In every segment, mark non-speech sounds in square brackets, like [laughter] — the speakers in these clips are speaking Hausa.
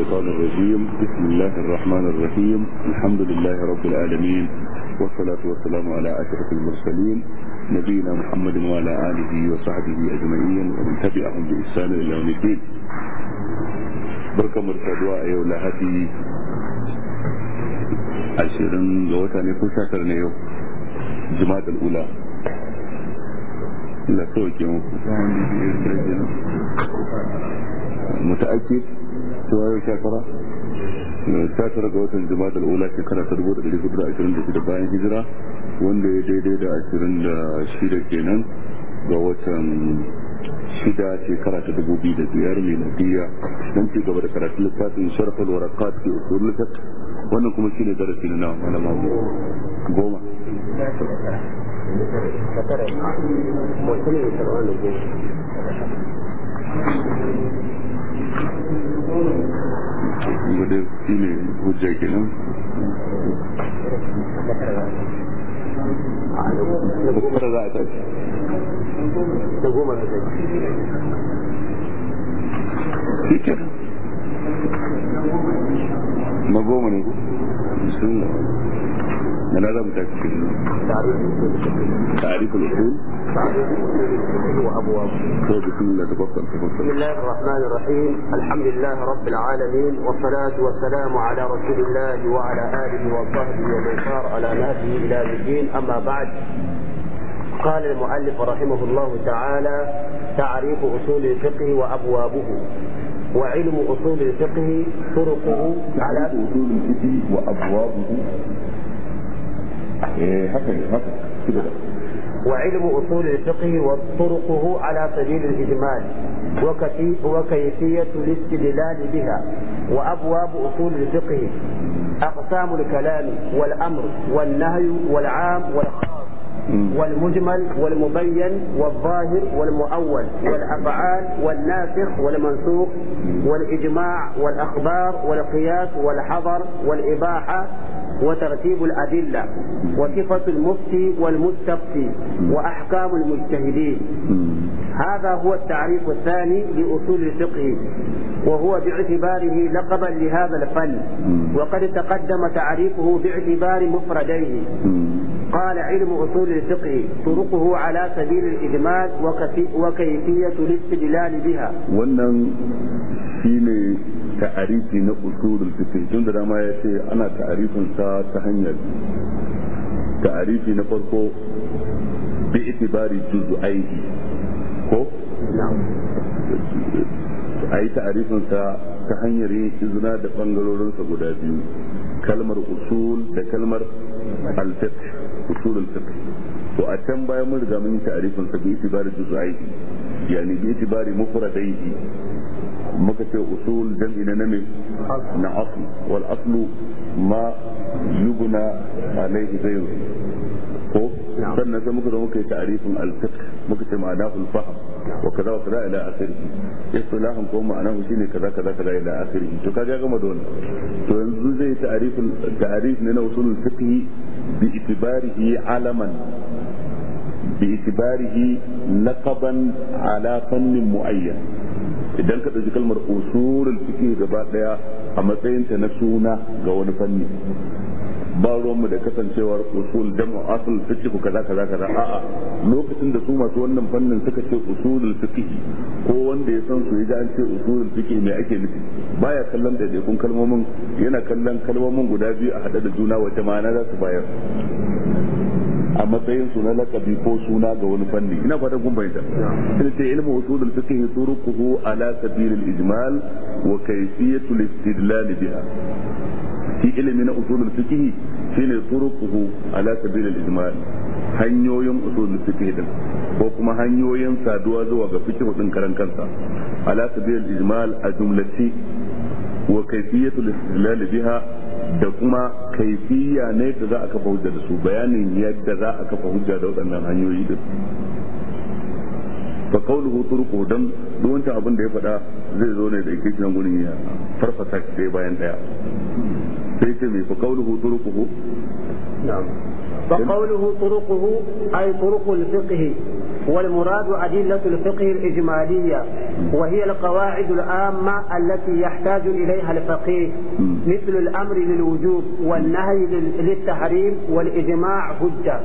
الشيطان الرجيم بسم الله الرحمن الرحيم الحمد لله رب العالمين والصلاة والسلام على أشرف المرسلين نبينا محمد وعلى آله وصحبه أجمعين ومن تبعهم بإحسان إلى يوم الدين بركة مرتدواء يولا هدي عشرين جوتا نكون شاكر نيو جماد الأولى لا سوكي متأكد cewa yau shekara tara sha tara ga watan jima'a da ula shekara ta dubu da ɗari hudu da ashirin da shida bayan hijira wanda ya daidai da ashirin da shida kenan ga watan shida shekara ta dubu biyu da biyar mai miladiyya don ci gaba da karatun littafin sharfal warakat ke usul littaf wannan kuma shine darasi na nawa malama goma Thank you. gudu shi ne hujja kenan da za goma ne sun na za mu tafi تعريف الأصول تعريف الأصول وأبواب بسم الله بسم الله الرحمن الرحيم الحمد لله رب العالمين والصلاة والسلام على رسول الله وعلى آله وصحبه ومن سار على نهجه إلى الدين أما بعد قال المؤلف رحمه الله تعالى تعريف أصول الفقه وأبوابه وعلم أصول الفقه طرقه على أصول الفقه وأبوابه إيه، وعلم أصول الفقه وطرقه على سبيل الإجمال وكيفية الاستدلال بها وأبواب أصول الفقه أقسام الكلام والأمر والنهي والعام والخاص والمجمل والمبين والظاهر والمؤول والأفعال والناسخ والمنسوخ والإجماع والأخبار والقياس والحظر والإباحة وترتيب الأدلة وصفة المفتي والمستفتي وأحكام المجتهدين هذا هو التعريف الثاني لأصول الفقه وهو باعتباره لقبا لهذا الفن وقد تقدم تعريفه باعتبار مفرديه قال علم أصول الفقه طرقه على سبيل الإجمال وكيفية الاستدلال بها wannan ta'arifi na usulul fiqh tun da dama ya ce ana ta'arifin sa ta hanyar ta'arifi na farko bi itibari juz'aihi ko a yi ta'arifin sa ta hanyar yin izina da bangarorin sa guda biyu kalmar usul da kalmar al-fiqh usul al-fiqh to a can bayan mun riga mun yi ta'arifin sa bi itibari juz'aihi yani bi itibari mufradaihi muka ce usul jam'i na name na asl wal aslu ma yubna alaihi ghayru ko sannan sai muka zo muka yi ta'rifin al-fiqh muka ce ma'ana al-fahm wa kaza wa kaza ila akhirih istilahan ko ma'ana shi ne kaza kaza kaza ila akhirih to kaga gama da wannan to yanzu zai ta'arifin ta'rif ne na usul al bi itibarihi alaman bi itibarihi laqaban ala fannin muayyan idan ka ɗauki kalmar usulul ciki gaba daya a matsayin ta na suna ga wani fanni ba ruwanmu da kasancewar usul jam'u asul ku kaza kaza kaza a'a lokacin da su masu wannan fannin suka ce usulul fiqh ko wanda ya san su ya an ce usulul fiqh me ake nufi baya kallon daidaikun kalmomin yana kallon kalmomin guda biyu a haɗe da juna wace ma'ana za su bayar a matsayin su na lakabi ko suna ga wani fanni ina fata kun bayyana ina ce ilmu usulul fiqh turuquhu ala sabil al ijmal wa kayfiyatu al istidlal biha shi ilmi na usulul fiqh shine turuquhu ala sabil al ijmal hanyoyin usulul fiqh din ko kuma hanyoyin saduwa zuwa ga fiqh din karan kansa ala sabil al ijmal a jumlati wa kayfiyatu al istidlal biha da kuma kaifiya ne da za a kafa hujja da su bayanin yadda za a kafa hujja da waɗannan hanyoyi da fa qawluhu turqu dan duk wancan abin da ya faɗa zai zo ne da yake cikin gurin ya farfasa shi bayan daya sai ce mai fa qawluhu turquhu na'am fa qawluhu turquhu ay turqul fiqh والمراد أدلة الفقه الإجمالية وهي القواعد العامة التي يحتاج إليها الفقيه مثل الأمر للوجوب والنهي للتحريم والإجماع حجة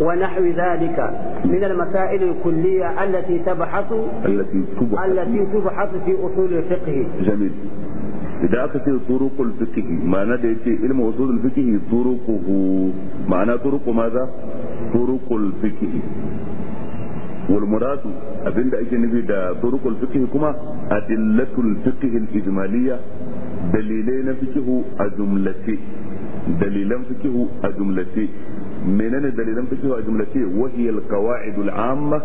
ونحو ذلك من المسائل الكلية التي تبحث التي تبحث, التي تبحث في أصول الفقه جميل إذا أتت ce الفقه fikihi ma'ana da yake ilmu usulul fikihi turukuhu طرق turuku wal muradu abinda ake nufi da turuqul fiqh kuma adillatul fiqh al ijmaliyya dalilai na fikihu a jumlace dalilan fikihu a jumlace menene dalilan fikihu a jumlace wahiyal qawaidul amma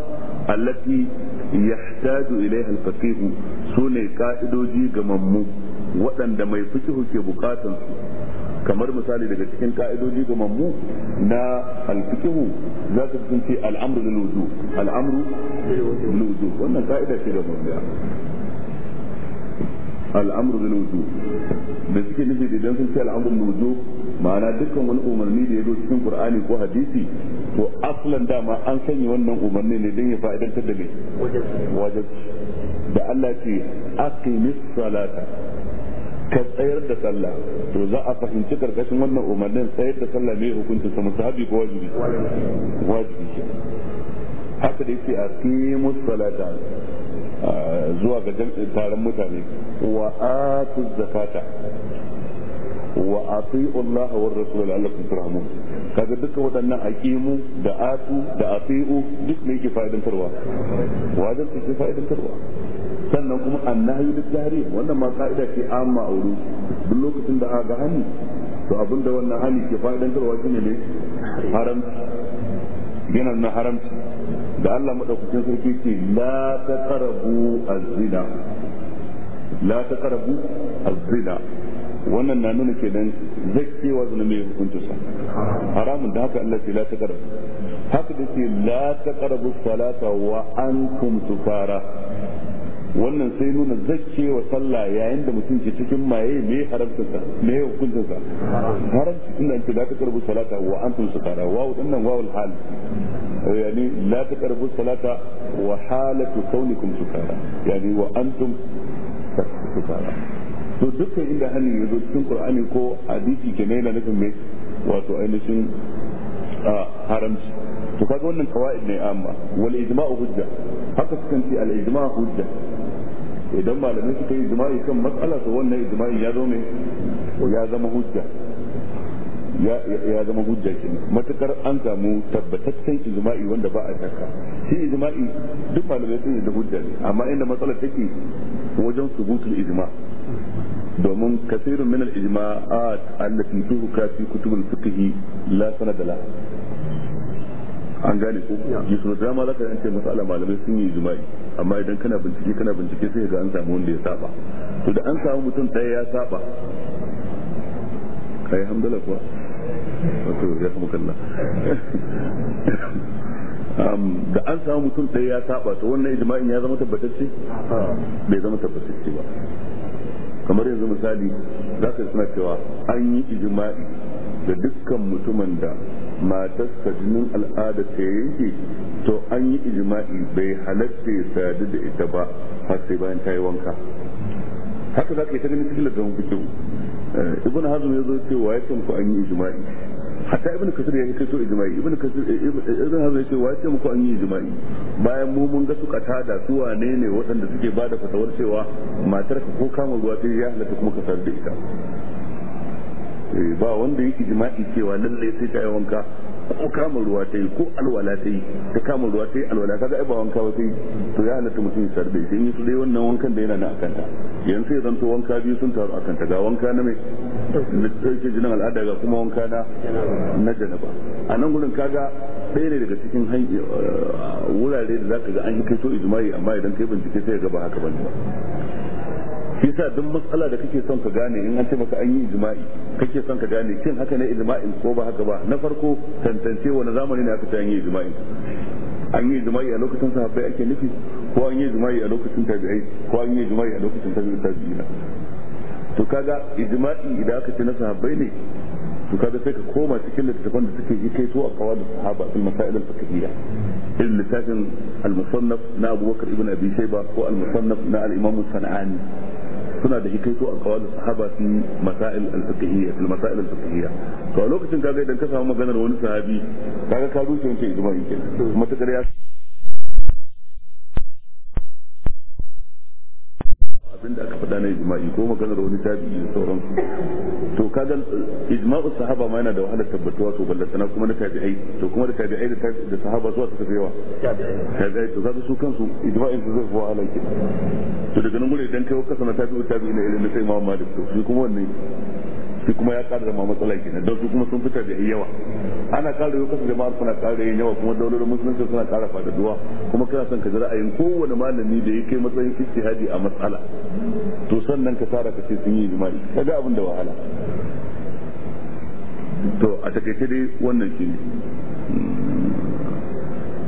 allati yahtaju ilaiha al faqih sune ka'idoji gamammu waɗanda mai fikihu ke bukatan su kamar misali daga cikin ka'idoji ga mammu na alfikihu za ka sun ce al'amru lil wudu al'amru lil wudu wannan ka'ida ce ga mamma al'amru lil wudu da suke nufi da idan sun ce al'amru lil wudu ma'ana dukkan wani umarni da ya zo cikin qur'ani ko hadisi to aslan dama an sanya wannan umarni ne don ya fa'idantar da mai wajen da Allah ce aqimis salata ka tsayar da sallah to za a fahimci karkashin wannan umarnin tsayar da sallah ne hukuncin sa musabi ko wajibi wajibi haka da yake a qimus salata zuwa ga taron mutane wa atu zakata wa ati'u Allah wa rasul la'allakum turhamun kaga duka waɗannan aqimu da atu da ati'u duk ne yake fa'idantarwa wajibi ke fa'idantarwa sannan kuma annahi da tahrim wannan ma ka'ida ce amma a wurin duk lokacin da aka hani to abinda wannan hani ke fa'idantarwa shine ne haramci yana na haramci da Allah madaukakin sarki ce la taqrabu az-zina la taqrabu az-zina wannan na nuna ke kenan zakkewa zina mai hukunta sa haramun da haka Allah ce la taqrabu haka dace la taqrabu salata wa antum sukara wannan sai nuna zakke wa sallah yayin da mutum ke cikin maye me haramtarsa me hukuntarsa haramci tun da la taqrabu salata wa antum sukara wawu wannan wawul hal eh, yani la taqrabu salata wa halatu kaunikum sukara yani wa antum sukara to dukkan inda hannu ya zo cikin qur'ani ko hadisi kenan na nufin me wato ainihin haramci to kaga wannan kawaid ne amma wal ijma'u hujja haka sukan ce al ijma'u hujja idan malamai suka yi jima'i kan matsala to wannan ijma'i ya zo ne ya zama hujja ya zama hujja kenan matukar an samu tabbataccen ijma'i wanda ba a shakka shi ijma'i duk malamai sun yi da hujja ne amma inda matsalar take wajen subutul ijma domin kasirin min al-ijma'at allati tuhka fi kutubul fiqh la sanada la an gane ko ya sun dama zaka yi ce masala malamai sun yi jima'i amma idan kana bincike kana bincike sai ga an samu wanda ya saba to da an samu mutum ɗaya ya saba kai hamdala kuwa wato ya kuma kalla da an samu mutum ɗaya ya saba to wannan ijma'in ya zama tabbatacce bai zama tabbatacce ba kamar yanzu misali za ka suna cewa an yi ijma'i da dukkan mutumin da ka jinin al'ada ta yanke to an yi ijma'i bai halatta ya sadu da ita ba har sai bayan ta yi wanka haka za ka yi ta ganin cikin lagarin kyau. Eh, ibn hazm ya zo cewa ya ku an yi ijma'i hatta ibn kasir ya kaito ijma'i ibn kasir eh, eh, ibn hazm ya ce wa ya muku an yi ijma'i bayan mu mun ga su kata da su wane ne waɗanda suke bada fatawar cewa matar ka ko kama ruwa ta ya halatta kuma ka sadu da ita Eh, ba wanda yake jima'i cewa lallai sai ta yi wanka ko kama ruwa ta yi ko alwala ta yi ta kamar ruwa ta yi alwala ka ai ba wanka ba sai to ya halatta mutum ya sarbe sai yi su dai wannan wankan da yana na akanta yanzu ya zanto wanka biyu sun taru akanta ga wanka na mai na ɗauke jinin al'ada ga kuma wanka na na janaba a nan gudun kaga ɗaya ne daga cikin eh, wurare da ka ga an yi kai so ijima'i amma idan kai bincike sai ya gaba haka bane ba shi yasa duk matsala da kake son ka gane in an ce maka an yi ijma'i kake son ka gane kin haka ne ijma'in ko ba haka ba na farko tantance wani zamani ne aka ce an yi ijma'in an yi ijma'i a lokacin sahabbai ake nufi ko an yi ijma'i a lokacin tabi'ai ko an yi ijma'i a lokacin ta tabi'ina to kaga ijma'i idan aka ce na sahabbai ne to kaga sai ka koma cikin littattafan da suke yi kai to a kawal sahaba fil masail al fiqhiyya irin littafin al-musannaf na Abu Bakar ibn Abi Shayba ko al-musannaf na al-Imam sanani suna da hikaito a kawalin sahaba fi masail al-fiqhiyya fi masail al-fiqhiyya to a lokacin kaga idan ka samu maganar wani sahabi kaga ka rushe wancan ijma'i kenan ya abin da aka faɗa na ijma'i ko maganar wani tabi'i da sauransu to kaga ijma'u sahaba ma yana da wahalar tabbatuwa to ballatana kuma na tabi'ai to kuma da tabi'ai da sahaba suka yawa tabi'ai to kaga su kansu ijma'in su zai to daga nan gure idan kai kasa na tabi'u tabi'i na irin na sai imam malik to shi kuma wannan shi kuma ya kara zama matsala kenan don su kuma sun fita da yawa ana kara yau kasu jama'ar suna kara yin yawa kuma daularin musulunci suna ƙara faɗaɗuwa kuma kana son ka ji ra'ayin kowane malami da ya kai matsayin hadi a matsala to sannan ka tara ka ce sun yi jima'i kaga abin da wahala to a takaice dai wannan ne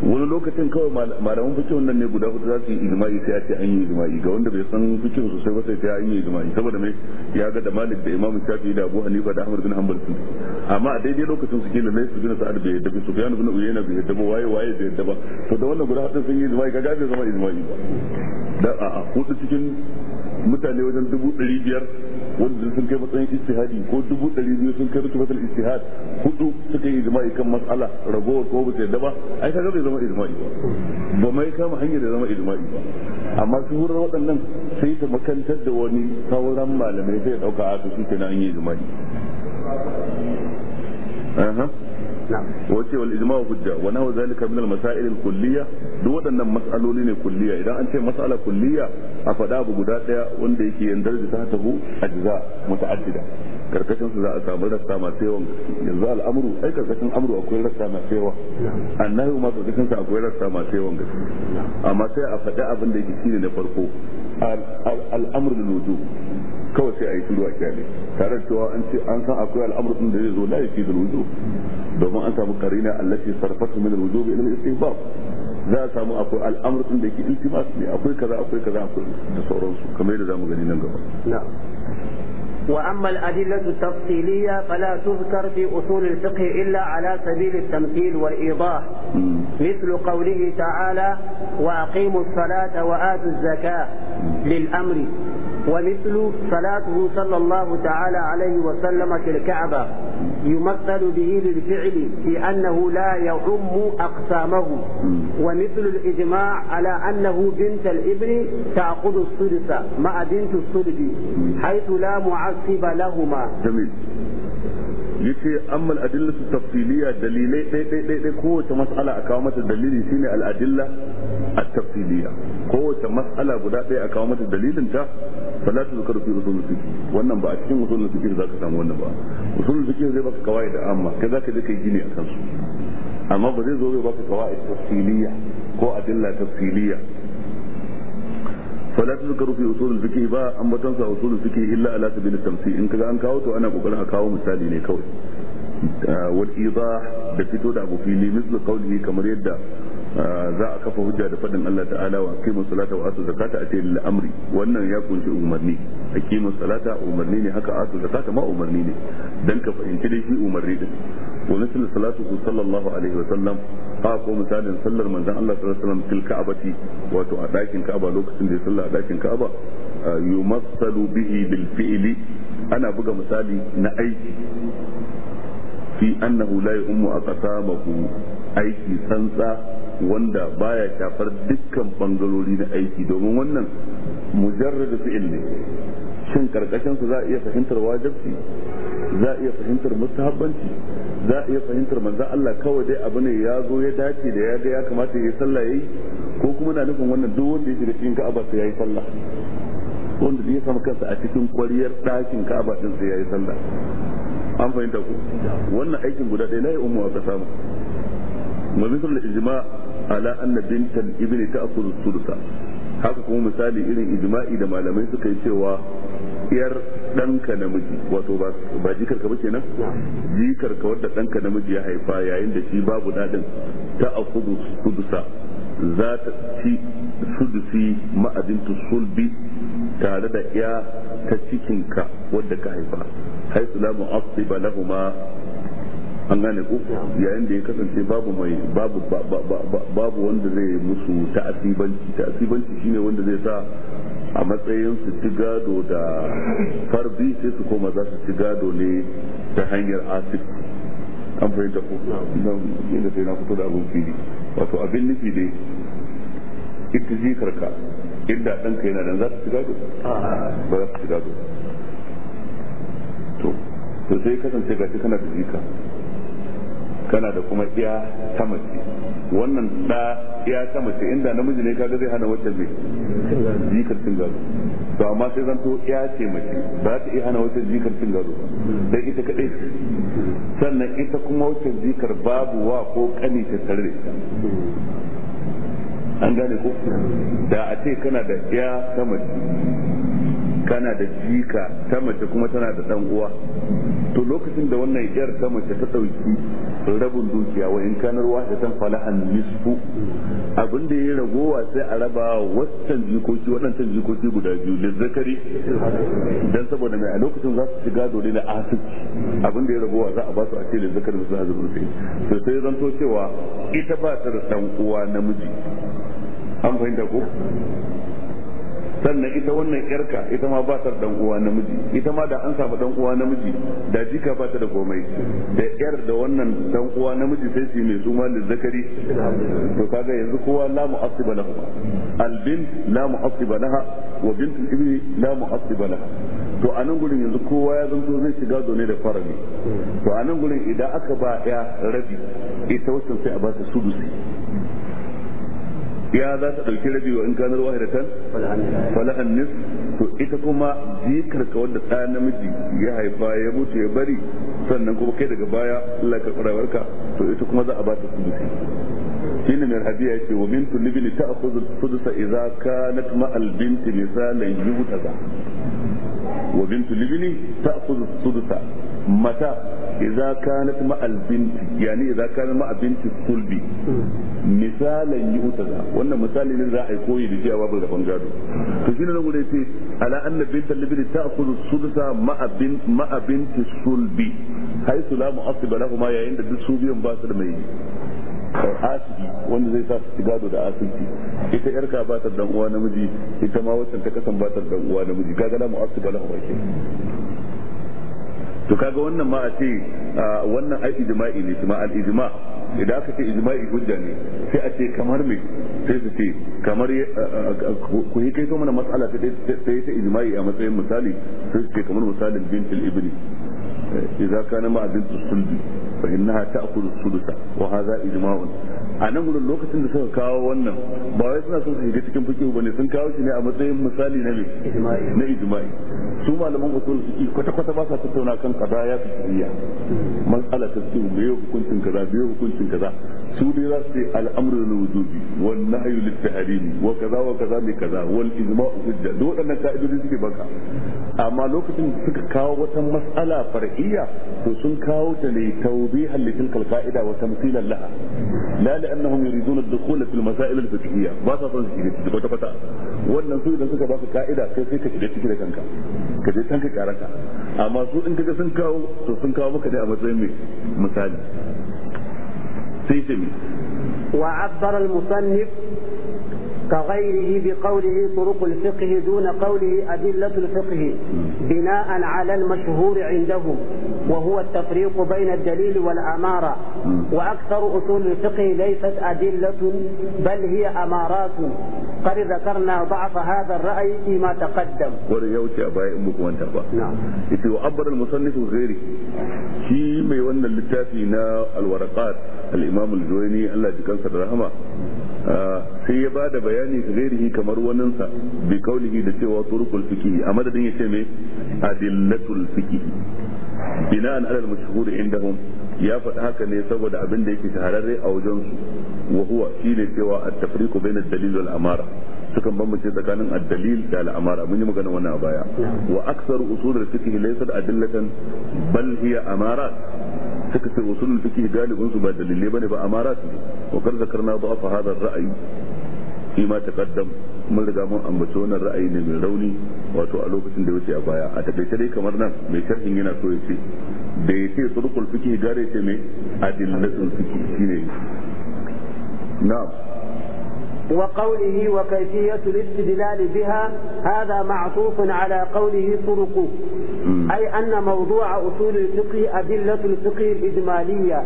wani lokacin kawai malaman fikihun wannan ne guda hudu za su yi ijma'i sai ya ce an yi ijma'i ga wanda bai san fikihun sosai ba sai ta an yi ijma'i saboda mai ya ga da malik da imam shafi da abu hanifa da ahmad bin hanbal su amma a daidai lokacin su kila laifin bin sa'ad bai yadda su fiyan bin uyena bai yadda ba waye waye bai yadda ba to da wannan guda hudu sun yi ijma'i ga bai zama ijma'i ba da a hudu cikin mutane wajen dubu ɗari biyar wanda sun kai matsayin istihadi ko dubu ɗari biyu sun kai rutubatul istihad hudu suka yi ijma'i kan mas'ala ragowar ko ba sai daba ai kaga bai zama ijma'i ba ba mai kama hanyar da zama ijma'i ba amma su hurar waɗannan sai ta makantar da wani sauran malamai sai ya ɗauka a su na an yi ijma'i wace wal ijma'u hujja wa nahwa zalika min al masail al kulliya duk waɗannan mas'aloli ne kulliya idan an ce mas'ala kulliya a faɗa abu guda ɗaya wanda yake yan da ta tabu ajza muta'addida karkashin su za a samu rasta masu yawan yanzu al'amuru ai karkashin amru akwai rasta masu yawa annahu ma karkashin sa akwai rasta masu yawan gaske amma sai a faɗi abin da yake shine na farko al'amru lil wujub kawai sai a yi tudu a kyale tare cewa an ce an san akwai al'amur din da zai zo la yake da wuzu domin an samu karina allati sarfatu min al-wudu ila al-istihbab za a samu akwai al'amur din da yake iltimas ne akwai kaza akwai kaza akwai da sauransu kamar yadda zamu gani nan gaba وأما الأدلة التفصيلية فلا تذكر في أصول الفقه إلا على سبيل التمثيل والإيضاح مثل قوله تعالى وأقيموا الصلاة وآتوا الزكاة للأمر ومثل صلاته صلى الله تعالى عليه وسلم في الكعبة يمثل به للفعل في أنه لا يعم أقسامه ومثل الإجماع على أنه بنت الإبن تأخذ الثلث مع بنت الثلث حيث لا معصب لهما جميل yace amma al'adilla su tafsiliya dalilai ɗaiɗaiɗaiɗai kowace mas'ala a kawo mata dalili shine al'adilla at-tafsiliya kowace mas'ala guda ɗaya a kawo mata dalilin ta fala tu zakaru fi usul fiqh wannan ba a cikin usul fiqh zaka samu wannan ba usul fiqh zai baka kawai da amma kai zaka je kai gini akan su amma ba zai zo zai baka kawai tafsiliya ko adilla tafsiliya فلا تذكر في an الفقه با ان بتنسى اصول illa الا على سبيل in ان an kawo to ana kokarin a kawo misali ne kawai wal idah da fito da abu fili misal qawlihi kamar yadda za a kafa hujja da faɗin Allah ta'ala wa aqimu salata wa atu zakata a lil amri wannan ya kunshi umarni aqimu salata umarni ne haka atu zakata ma umarni ne dan ka fahimci dai shi umarni din wa misal salatu ku sallallahu alaihi wa sallam ha ko misalin sallar manzon Allah sallallahu alaihi wa sallam fil ka'abati wato a dakin ka'aba lokacin da ya salla a dakin ka'aba yumassalu bihi bil fi'li ana buga misali na aiki fi annahu la yu'ummu aqsamahu aiki santsa. wanda baya shafar dukkan bangalori na aiki domin wannan mujarrad fi'il ne shin karkashin su za a iya fahimtar wajibi za a iya fahimtar mustahabbanci za a iya fahimtar manzo Allah kawai dai abu ne ya zo ya dace da ya ga ya kamata yayi sallah yayi ko kuma na nufin wannan duk wanda ya shiga cikin Ka'aba sai yayi sallah wanda zai samu kansa a cikin kwariyar ɗakin Ka'aba din sai yayi sallah an fahimta ku wannan aikin guda ɗaya na yi umma ka samu mabisul ijma' ala anna bintan ibni ta'khudhu thulutha haka kuma misali irin ijma'i da malamai suka yi cewa yar ɗanka namiji wato ba jikarka ba kenan jikarka wadda ɗanka namiji ya haifa yayin da shi babu daɗin ta a kudusa za ta ci sudusi ma'adinta sulbi tare da ya ta cikinka wadda ka haifa haisu la mu'assiba an gane ku yayin da ya kasance babu mai babu babu wanda zai musu ta'asibanci ta'asibanci shine wanda zai sa a matsayin su ci gado da farbi sai su koma za su ci gado ne ta hanyar asif an fahimta ko nan inda sai na fito da abin fili wato abin nufi dai ita jikarka inda ɗanka yana nan za su ci gado ba za su ci gado to sai kasance shi kana da jika kana da kuma iya ta mace wannan da iya ta mace inda namiji ne kaga zai hana wacce mai jikar cin gado to amma sai zanto iya ce mace ba ta iya hana wacce jikar cin gado dai ita kadai sannan ita kuma wacce jikar babu wa ko kani ta tare an gane ko da a ce kana da iya ta mace kana da jika ta mace kuma tana da dan uwa to lokacin da wannan yar ta mace ta dauki rabin dukiya wa in kanar wahidatan falahan nisfu abin da yayi ragowa sai a raba wannan jikoki waɗancan jikoki guda biyu da zakari dan saboda mai a lokacin za su shiga dole da asibiti abin da ya ragowa za a ba su a ce zakarin su hazu sai to sai zanto cewa ita ba ta da dan uwa namiji an fahimta ko sannan ita wannan yarka ita ma ba ta dan uwa namiji ita ma da an samu dan uwa namiji da jika ba ta da komai da yar da wannan dan uwa namiji sai su mai suma da zakari to kaga yanzu kowa la mu'assiba lahu al bint la mu'assiba laha wa bintul ibni la mu'assiba laha to a nan gurin yanzu kowa ya zanto zai shiga zone da farami to a nan gurin idan aka ba ya rabi ita wasan sai a ba ta sudusi ya za ta ɗauki rabi wa in kanar wahidatan an nis to ita kuma jikar ka wanda ɗa namiji ya haifa ya mutu ya bari sannan kuma kai daga baya Allah ka ka to ita kuma za a ba ta sulusi shine mai hadiya yace wa min tulibin ta'khudhu sudusa idza kanat ma'al binti misalan yutaza wa min tulibin ta'khudhu sudusa mata idza kanat ma al binti yani idza kanat ma binti sulbi misalan yutada wannan misali ne za a yi koyi da cewa babu da bangado to shine nan gure ce ala anna binta libni ta'khudhu sudusa ma binti sulbi haythu la mu'assiba lahumma yayin da duk su biyan ba su da mai asiki wanda zai sa su gado da asiki ita yar ka batar dan uwa namiji ita ma wacce ta kasan batar dan uwa namiji kaga la mu'assiba lahumma kenan to kaga wannan ma a ce wannan ai ijma'i ne kuma al ijma idan aka ce ijma'i hujja ne sai a ce kamar me sai su ce kamar ku yi kaito mana mas'ala ta sai ta ijma'i a matsayin misali sai su ce kamar misalin al ibni eh, idza kana ma'a bintul sulbi fa innaha ta'kulu sulusa wa hadha ijma'un a nan wurin lokacin da suka kawo wannan ba wai suna son su shiga cikin fikihu bane sun kawo shi ne a matsayin misali na na ijma'i su malaman usul fiqi kwata kwata ba sa tattauna kan ya qadaya fiqhiyya mas'ala ta su me hukuncin kaza me hukuncin kaza su dai za su yi al'amru lil wujubi wan nahyu lit tahrim wa kaza wa kaza bi kaza wal ijma'u hujja duk waɗannan ka'idodi suke baka amma lokacin suka kawo wata mas'ala far'iyya to sun kawo ta ne tawbihan li tilkal qa'ida wa tamthilan laha la li'annahum yuriduna ad-dukhul fi al-masail al-fiqhiyya ba sa son su ciki wannan su idan suka ba ka ka'ida sai sai ka shiga ciki da kanka ka je kanka karanta amma su in kaga sun kawo to sun kawo maka ne a matsayin mai misali sai sai mi وعبر المصنف كغيره بقوله طرق الفقه دون قوله أدلة الفقه بناء على المشهور عندهم وهو التفريق بين الدليل والأمارة وأكثر أصول الفقه ليست أدلة بل هي أمارات قد ذكرنا ضعف هذا الرأي فيما تقدم ورجوتي أبا أمك وأنت أبا نعم أبر المصنف غيري شيء ميوانا للتافي الورقات الإمام الجويني الله يجزاه رحمه sai ya ba da bayani ga gairihi kamar waninsa bi kaulihi da cewa turukul fiqhi a madadin ya ce me adillatul bina bina'an alal mashhur indahum ya faɗi haka ne saboda abin da yake shahararre a wajen su wa huwa shine cewa at-tafriqu bayna ad-dalil wal amara sukan bambance tsakanin ad-dalil da al-amara mun yi magana wannan a baya wa aktsaru usulul al-fiqh laysa adillatan bal hiya amarat suka ce usulul fiqh galibin su ba dalilai bane ba amarat ne wa kar zakarna ba fa ar ra'ayi fi ma taqaddam mun riga mun ambaci wannan ra'ayi ne mai rauni wato a lokacin da wuce a baya a takaice dai kamar nan mai sharhin yana so ya ce da ya ce surukul fiqh gare ce mai adillatul fiki shine na'am وقوله وكيفية الاستدلال بها هذا معطوف على قوله طرق أي أن موضوع أصول الفقه أدلة الفقه الإجمالية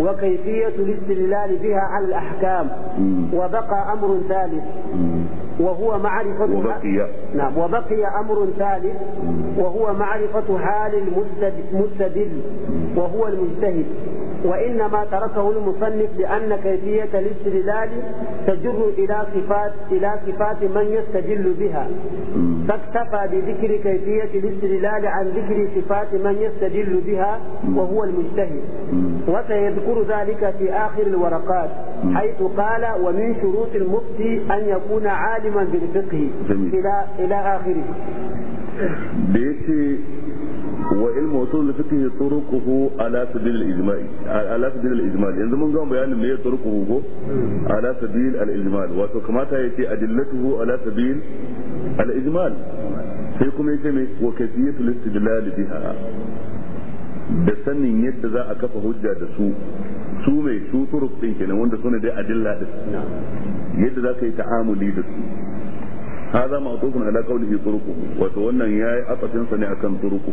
وكيفية الاستدلال بها على الأحكام وبقى أمر ثالث وهو معرفة وبقي نعم وبقي أمر ثالث وهو معرفة حال المستدل وهو المجتهد وإنما تركه المصنف لأن كيفية الاستدلال تجر إلى صفات إلى صفات من يستدل بها فاكتفى بذكر كيفية الاستدلال عن ذكر صفات من يستدل بها وهو المجتهد وسيذكر ذلك في آخر الورقات حيث قال ومن شروط المفتي أن يكون عالما بالفقه إلى إلى آخره. وعلم اصول الفقه طرقه على سبيل الاجمال على سبيل الاجمال yanzu mun gama bayanin me طرقه ko على سبيل الاجمال wato kamata yace adillatuhu ala sabil al sai kuma yace me da sanin yadda za a kafa hujja da su su mai su turuk din kenan wanda ne dai adilla din yadda za ka yi ta'amuli da su هذا معطوف على قوله طرقه وتولى ياي أطفن صنع كم طرقه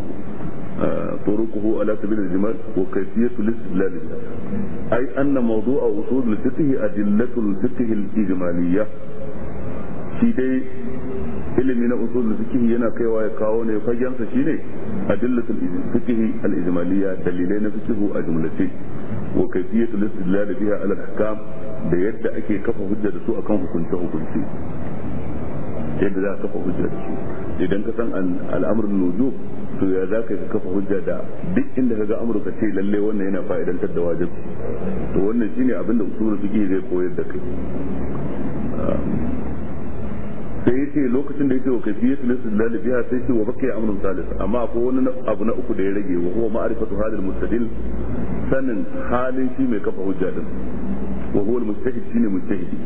طرقه على سبيل الجمال وكيفية الاستدلال أي أن موضوع أصول الفقه أدلة الفقه الإجمالية shi dai ilimi na usul fikihi yana kaiwa ya kawo ne fagensa shine adillatul fikihi al-ijmaliyya dalilai na fikihu a jumlace wa kayfiyatul istidlal biha ala al-ahkam da yadda ake kafa hujja da su akan hukunce hukunce yadda za a kafa hujja da su idan ka san al'amarin nujub to ya za ka kafa hujja da duk inda kaga ga amurka ce lalle wannan yana fa'idantar da wajib to wannan shine abin da usulul fiqh zai koyar da kai sai ya ce lokacin da ya ce wa kafiyatu lil biha sai ce wa baqiya amrun salis amma akwai wani abu na uku da ya rage wa huwa ma'rifatu halil mustadil sanin halin shi mai kafa hujja din wa huwa al-mustahid shine mustahidi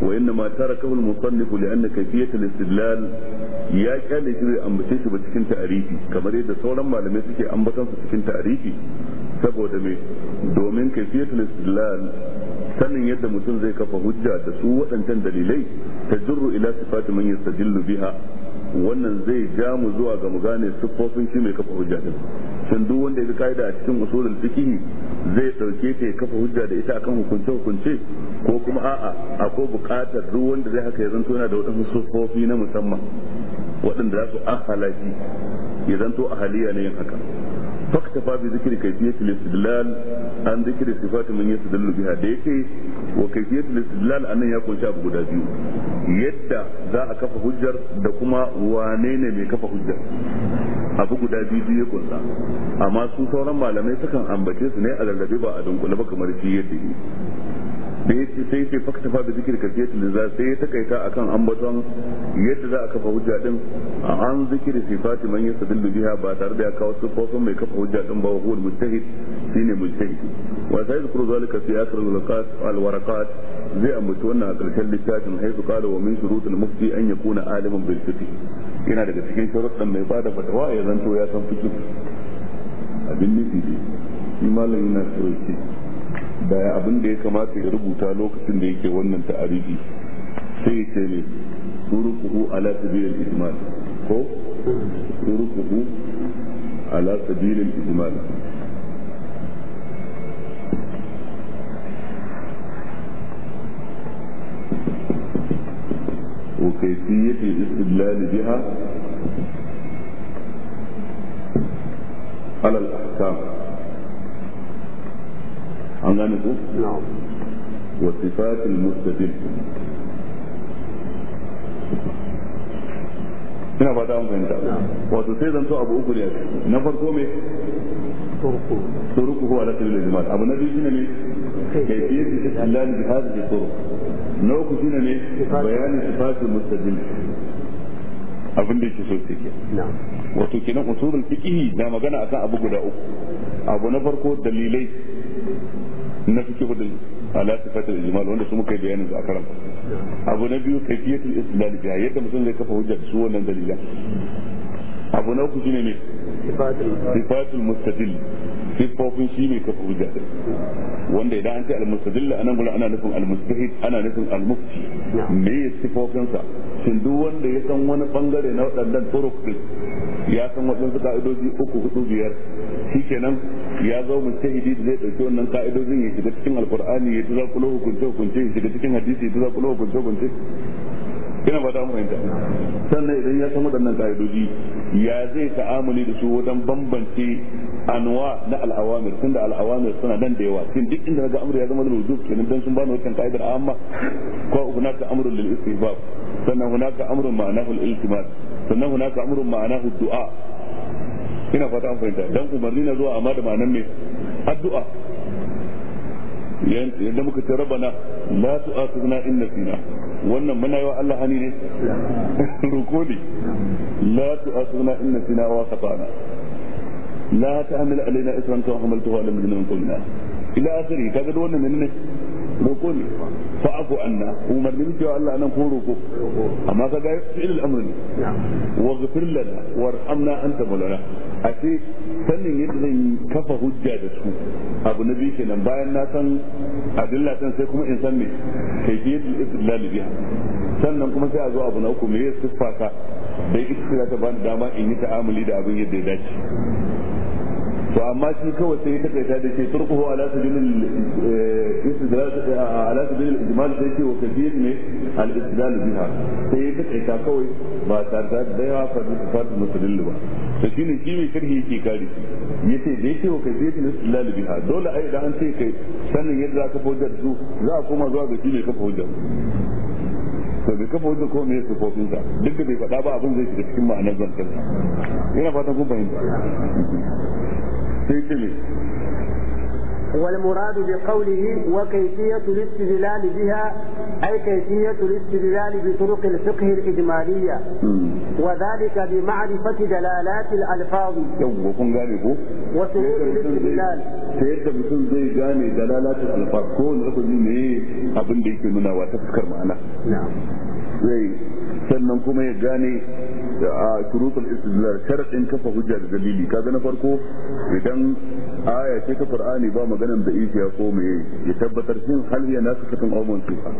wa inma tarakahu al-musannif li anna kafiyatu lil istidlal ya kyale shi zai ambace shi ba cikin ta'arifi kamar yadda sauran malamai suke ambatan su cikin ta'arifi saboda me domin kaifiyatul istidlal sanin yadda mutum zai kafa hujja da su waɗancan dalilai ta jirru ila sifati man yastajillu biha wannan zai ja mu zuwa ga mu gane siffofin shi mai kafa hujja din shin duk wanda ya kaida a cikin usulul fiqh zai dauke ta ya kafa hujja da ita akan hukunce hukunce ko kuma a'a akwai buƙatar duk wanda zai haka ya zanto yana da wadansu siffofi na musamman waɗanda za su ahala shi ya zanto ahaliya ne yin haka فاكتفى بذكر كيفية الاستدلال عن ذكر صفات من يستدل بها ديكي وكيفية الاستدلال أن يكون شاب قدازيو يدى ذا كفى حجر دكما وانين من كف حجر abu guda biyu biyu kunsa amma su sauran malamai sukan ambace su ne a lallabe ba a dunkule ba kamar shi yadda da ya ce sai ce fakta fa bi zikir kafiyat liza sai ya takaita akan ambaton yadda za a kafa hujja din a an zikiri sifati man yastadillu biha ba tare da ya kawo sifofin mai kafa hujja din ba huwa mujtahid shine mujtahid wa sai zikru zalika fi akhir al-waraqat al-waraqat zai ambaci wannan a karshen littafin haisu qala wa min shurutul mufti an yakuna aliman bil fiqh yana daga cikin sharuɗan mai bada fatawa ya zanto ya san fiqh abin nufi ne shi malamin na so da ya abin da ya kamata ya rubuta lokacin da yake wannan ta'arifi sai ya ce ne turukuhu ala sabilil ijmal ko turukuhu ala sabilil ijmal وكيفية الاستدلال بها على الأحكام an gane ku wa sifatul mustaqim ina ba ta an fahimta wato sai zanto abu uku ne na farko me turuku huwa la tilil jimal abu na biyu shine me kayfiyatu istidlal bi hadhihi turuq na uku shine ne bayanin sifatul mustajim abin da yake so ke wato kenan usulul fiqh da magana akan abu guda uku abu na farko dalilai na fi kihu da ala sifatul ijmal wanda su muka yi bayanin su a karan abu na biyu kaifiyatul istidlal biha yadda mutum zai kafa hujja su wannan dalilan abu na uku shine ne sifatul mustadil siffofin shi ne kafa hujja wanda idan an ce al-mustadil anan gurin ana nufin al-mustahid ana nufin al-mufti me sifofin sa shin duk wanda ya san wani bangare na waɗannan turuk ya san waɗansu ka'idoji uku hudu biyar kenan ya zo mujtahidi da zai dauki wannan ka'idojin ya shiga cikin alqur'ani ya tazakulo hukunce hukunce ya shiga cikin hadisi ya tazakulo hukunce hukunce ina ba ta fahimta sannan idan ya san waɗannan ka'idoji ya zai ta'amuli da su wajen bambance anwa na al'awamir tun da al'awamir suna nan da yawa shin duk inda naga amru ya zama da wujub kenan dan sun bani wannan ka'idar amma ko hunaka amrun lil istihbab sannan hunaka amrun ma'anahu al iltimas sannan hunaka amrun ma'anahu du'a ina fata an fahimta dan umarni na zuwa amma da ma'anar mai addu'a yadda muka ce rabana la tu'akhidna in nasina wannan muna yi wa Allah hani ne [laughs] ruko ne la tu'akhidna in nasina wa qata'na la ta'mil alaina isran kama hamaltahu ala min qablina ila akhiri kaga wannan menene roko ne fa aku anna umarnin cewa Allah nan ko roko amma ka ga fi'il al-amr ne wa ghfir lana warhamna anta mawlana a ce sanin yadda zan kafa hujja da su abu na biyu kenan bayan na san adilla san sai kuma in san me kayfiyatul istidlal biha sannan kuma sai a zo abu na uku me ya siffa ka dai ita ta bani dama in yi ta'amuli da abin yadda ya dace to amma shi kawai sai ya takaita da ce turquhu ala sabilil eh, istidlal eh, ala sabilil ijmal sai ce wa kabir ne al istidlal biha sai ya takaita kawai ba tare da ya fadi fadi musulil ba to shine shi mai sharhi yake kare shi yace da yake wa kabir ne istidlal biha dole ai da an ce kai sannan yadda zaka fojar su za a koma zuwa ga shi mai kafa hujjar to bai kafa hujjar ko me ya sufofin sa duk da bai faɗa ba abin zai shiga cikin ma'anar zantar yana fatan kun fahimta سيكمي والمراد بقوله وكيفية الاستدلال بها أي كيفية الاستدلال بطرق الفقه الإجمالية وذلك بمعرفة دلالات الألفاظ وسلوك الاستدلال دلالات الألفاظ نعم سنن كما a shurutul istidlal sharadin kafa hujja da dalili kaga na farko idan aya ce ta qur'ani ba maganan da isiya ko me ya tabbatar shin hal hiya nasikatun aw mansuha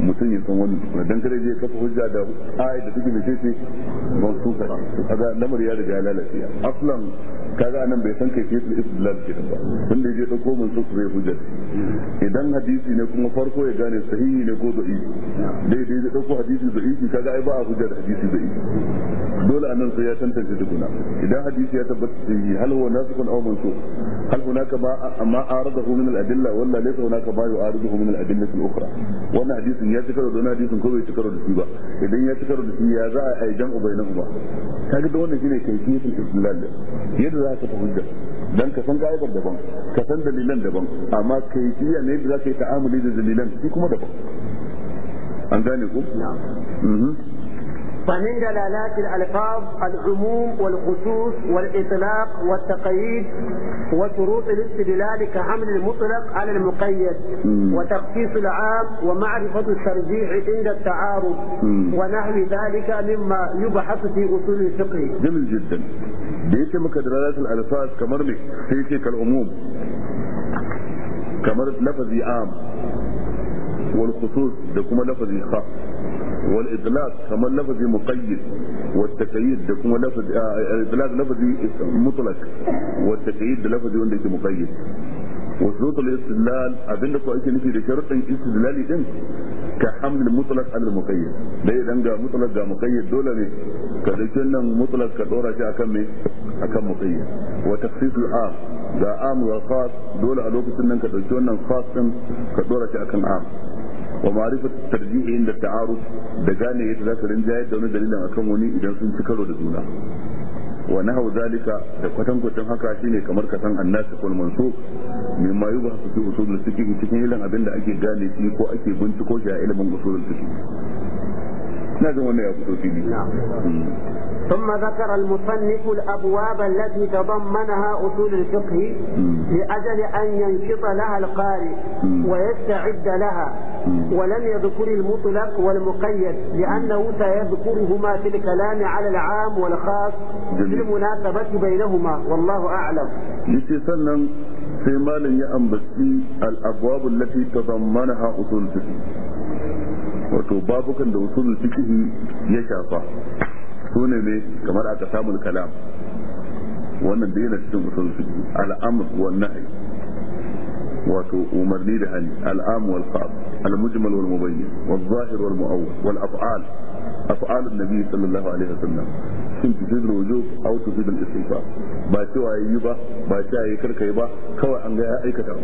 mutun ya san wani dan kare je kafa hujja da aya da take mece ce mansuha kaga lamar ya da lalace aslan kaga nan bai san kai fitul istidlal ke ba wanda ya je mun su zai hujjar idan hadisi ne kuma farko ya gane sahihi ne ko da'i daidai da dauko hadisi da'i kaga ai ba a hujjar hadisi da'i dole anan sai ya tantance tukuna idan hadisi ya tabbata sai hal huwa nasikun aw mansukh hal hunaka ba amma aradahu min al-adilla walla laysa hunaka ba yu'ariduhu min al-adilla al-ukhra wannan hadisin ya ci karo da wannan hadisin ko bai ci da shi ba idan ya ci da shi ya za a yi jam'u bainahu ba kaga da wannan shine kayfiyatul istidlal yadda za ka fahimta dan ka san ka'idar daban ka san dalilan daban amma kayfiya ne da za ka yi ta'amuli da dalilan shi kuma daban an gane ku na'am mhm. فمن دلالات الألفاظ العموم والخصوص والإطلاق والتقييد وشروط الاستدلال كحمل المطلق على المقيد وتخصيص العام ومعرفة الترجيح عند التعارض ونحو ذلك مما يبحث في أصول الفقه جميل جدا بيتي دلالات الألفاظ كمرمي بيتي كالعموم كمرت لفظي عام والخصوص ده كما لفظي خاص wal idlaq kamar lafazi muqayyid wa kuma lafazi idlaq lafazi mutlaq wa taqyid lafazi wanda yake muqayyid wa shurutul istidlal abinda ko ake nufi da sharuɗin istidlali ɗin ka haml mutlaq al muqayyid dai idan ga mutlaq ga muqayyid dole ne ka dauki nan mutlaq ka dora akan me akan wa ga dole a lokacin nan ka ka akan wa ma'rifat tarjih inda ta'aruf da gane yadda zaka rinjayar da wani dalilin akan wani idan sun ci karo da juna wa hauzalika zalika da kwatankwacin haka shine kamar ka san annasu kul mansub mimma yubhasu fi usul al-fiqh cikin ilan abinda ake gane shi ko ake binciko shi a ilimin usul al-fiqh أن نعم ثم ذكر المصنف الأبواب التي تضمنها أصول الفقه لأجل أن ينشط لها القارئ ويستعد لها ولم يذكر المطلق والمقيد لأنه سيذكرهما في الكلام على العام والخاص في المناسبة بينهما والله أعلم في مال ya الأبواب التي تضمنها أصول الفقه wato babukan da usulul fiqhi ya shafa sune ne kamar aka samu kalam wannan da yana cikin usulul fiqhi al-amr wan nahy wato umarni da hali al-am wal qab al-mujmal wal mubayyin wal zahir wal mu'awwal wal af'al af'al an-nabi sallallahu alaihi wasallam sun tufid al-wujub aw tufid al-istighfar ba cewa yi ba ba cewa yi karkai ba kawai an ga ya aikata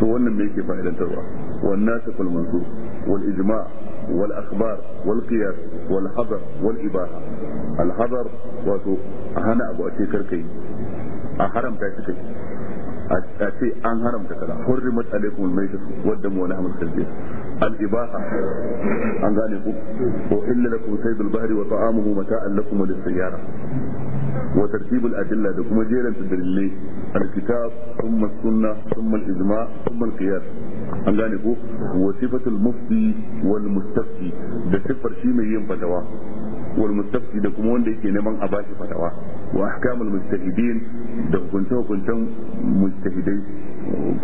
to wannan me yake fa'idantarwa wan nasikul mansur wal ijma' والاخبار والقياس والحظر والاباحه الحظر واتو انا ابو اتي كركي احرم تاتكي اتي ان حرم تكلا حرمت عليكم الميت والدم ولحم الخنزير الاباحه ان قال لكم وان لكم سيد البحر وطعامه متاء لكم وللسياره وترتيب الأدلة دكما جيرا تدللي الكتاب ثم السنة ثم الإجماع ثم القياس أنغاني هو وصفة المفتي والمستفتي ده صفر شيء ميين فتوى والمستفتي ده كمون ده كي نمان أباشي فتوى وأحكام المجتهدين ده كنتو كنتم مجتهدين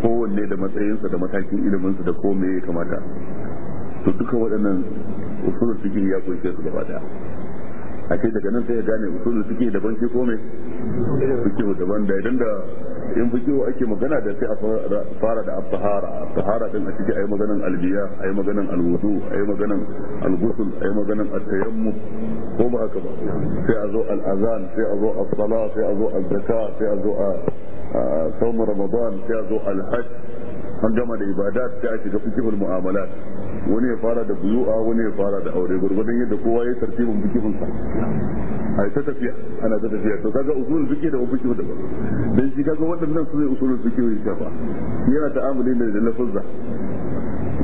kowanne da matsayinsa da matakin iliminsa da kome ya kamata to duka waɗannan usulul fiqh ya kunshe su gaba daya a ce daga nan sai ya gane usulu suke daban ke kome fikihu daban da idan da in kiwo ake magana da sai a fara da at-tahara din a ciki ayi maganan albiya ayi maganan alwudu ayi maganan al a ayi maganan atayammu ko ba haka ba sai a zo al-azan sai a zo as-sala sai a zo az-zaka sai a zo a sawm ramadan sai a zo al-hajj an gama da ibadat sai a shiga fikihul mu'amalat wani ya fara da buyu'a wani ya fara da aure gurgurdan yadda kowa ya tartibin mun sa ai ta tafiya ana ta tafiya to kaga usulul fikih da fikih da ba dan shi kaga waɗannan su ne usulul fikih ya shafa yana ta'amuli da lafazza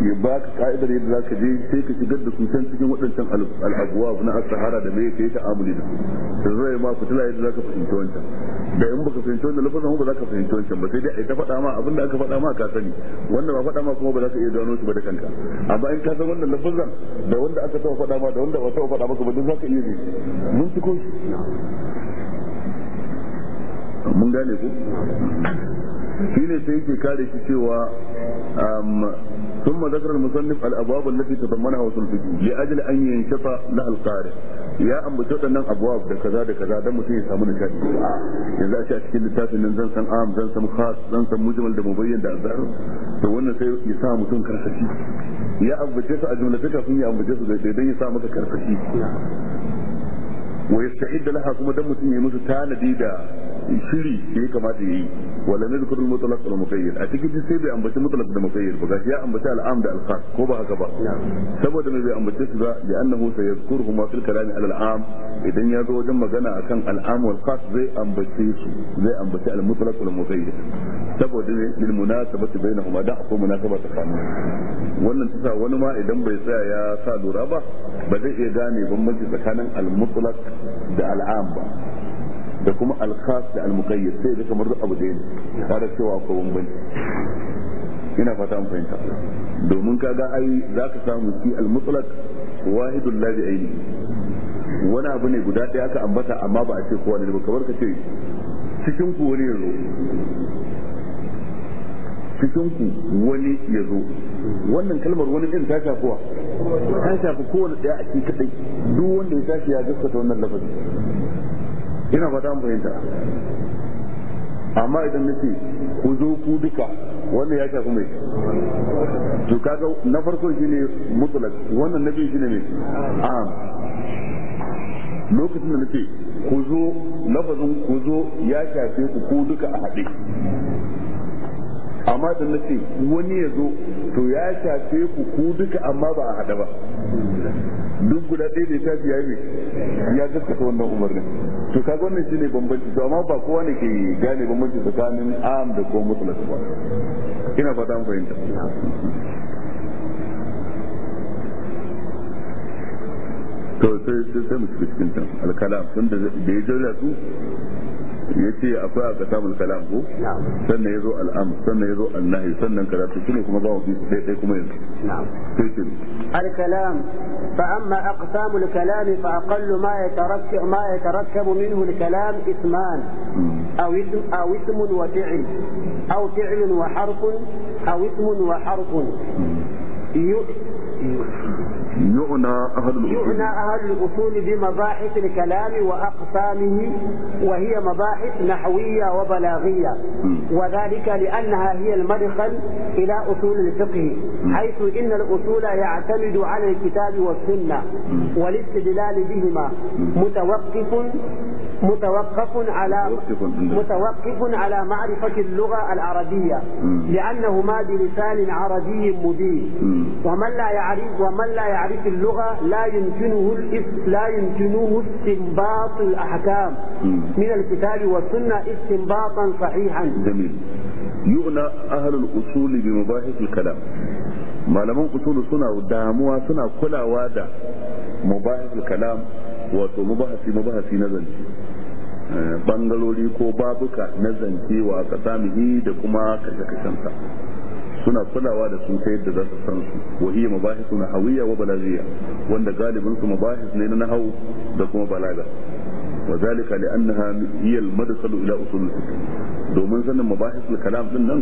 ya ka ka'idar yadda ka je sai ka shigar da su can cikin waɗancan al'abuwa na as-sahara da me yi ta amuli da su zai ma fitila yadda ka fahimci wancan da in ka fahimci wannan lafazin ba ka fahimci wancan ba sai dai ai ta faɗa ma abin da aka faɗa ma ka sani wanda ba faɗa ma kuma ba ka iya gano shi ba da kanka amma in ka san wannan lafazin da wanda aka taɓa faɗa ma da wanda ba taɓa faɗa maka ba za ka iya ne mun ciko shi mun gane ku ne sai yake kare shi cewa ثم ذكر المصنف الابواب التي تضمنها وصول الفقه لاجل ان ينشط لها القارئ ya ambaci waɗannan abubuwa da kaza da kaza don mutum ya samu nishaɗi yanzu a ce a cikin littafin nan zan san am zan san khas zan san mujmal da mubayyan da azhar to wannan sai ya sa mutum karsashi ya ambace su a jumla ta kafin ya su da don ya sa maka karsashi wa laha kuma dan mutum ya musu tanadi da shiri da ya kamata yi. wala nadhkuru al a cikin sai bai ambaci mutlaq da muqayyad ba gashi ya ambaci da ko ba haka ba saboda mai bai ambace su ba da fil idan ya zo wajen magana akan al wal khas zai ambace su zai ambaci al saboda ne lil munasabati bainahuma da munasaba tsakanin wannan wani ma idan bai tsaya ya sa lura ba ba zai iya gane bambanci tsakanin al da al ba da kuma alkhas da almuqayyad sai da kamar abu da yake kada cewa ko bambanci ina fata an fahimta domin kaga ai zaka samu fi almutlaq wahidul ladhi aini wani abu ne guda ɗaya aka ambata amma ba a ce kowa ne ba kamar ka ce cikin ku wani yazo cikin ku wani yazo wannan kalmar wani din ta shafi wa ta shafi kowane ɗaya a cikin kadai duk wanda ya tashi ya gaskata wannan lafazin ina fata mu fahimta amma idan nace ku zo ku duka wannan ya shafi mai to kaga na farko shine mutlak wannan na biyu shine mai am lokacin da nace ku zo lafazin ku zo ya shafe ku ku duka a haɗe amma idan nace wani ya zo to ya shafe ku ku duka amma ba a haɗe ba duk guda ɗaya da shafi ya yi ya gaskata wannan umarnin to kaga wannan shine bambanci to amma ba kowa ne ke gane bambanci tsakanin am da ko mutlaq ba ina fata mun fahimta to sai sai mu cikin alkalam tunda da ya jira su yace akwai aka samu kalam ko sannan yazo al'amr sannan yazo annahi sannan karatu shine kuma ba su dai dai kuma yanzu na'am al kalam kalam fa fa amma aqallu ma أقسام ma فأقل minhu al kalam يتركب aw ism aw ism wa fi'l aw fi'l wa harf aw ism wa harf يؤنى أهل الأصول يعنى أهل الأصول يعنى بمباحث الكلام وأقسامه وهي مباحث نحوية وبلاغية وذلك لأنها هي المدخل إلى أصول الفقه حيث إن الأصول يعتمد على الكتاب والسنة والاستدلال بهما متوقف متوقف على متوقف على معرفة اللغة العربية لأنهما بلسان عربي مبين ومن لا يعرف ومن لا يعرف يعرف اللغة لا يمكنه لا يمكنه استنباط الأحكام من الكتاب والسنة استنباطا صحيحا جميل يغنى أهل الأصول بمباحث الكلام ما لم أصول سنة ودعموها سنة كلا وادة مباحث الكلام ومباحث مباحث نزل آه، بنغلولي كوبابك نزل في وقتامه دكما كشكشنطا suna kulawa da su ta yadda za su san su wa hiya mabahis na hawiya wa balaghiya wanda galibin su mabahis ne na nahwu da kuma balaga wa zalika li annaha hiya al madkhalu ila usul al domin sanin mabahis al kalam din nan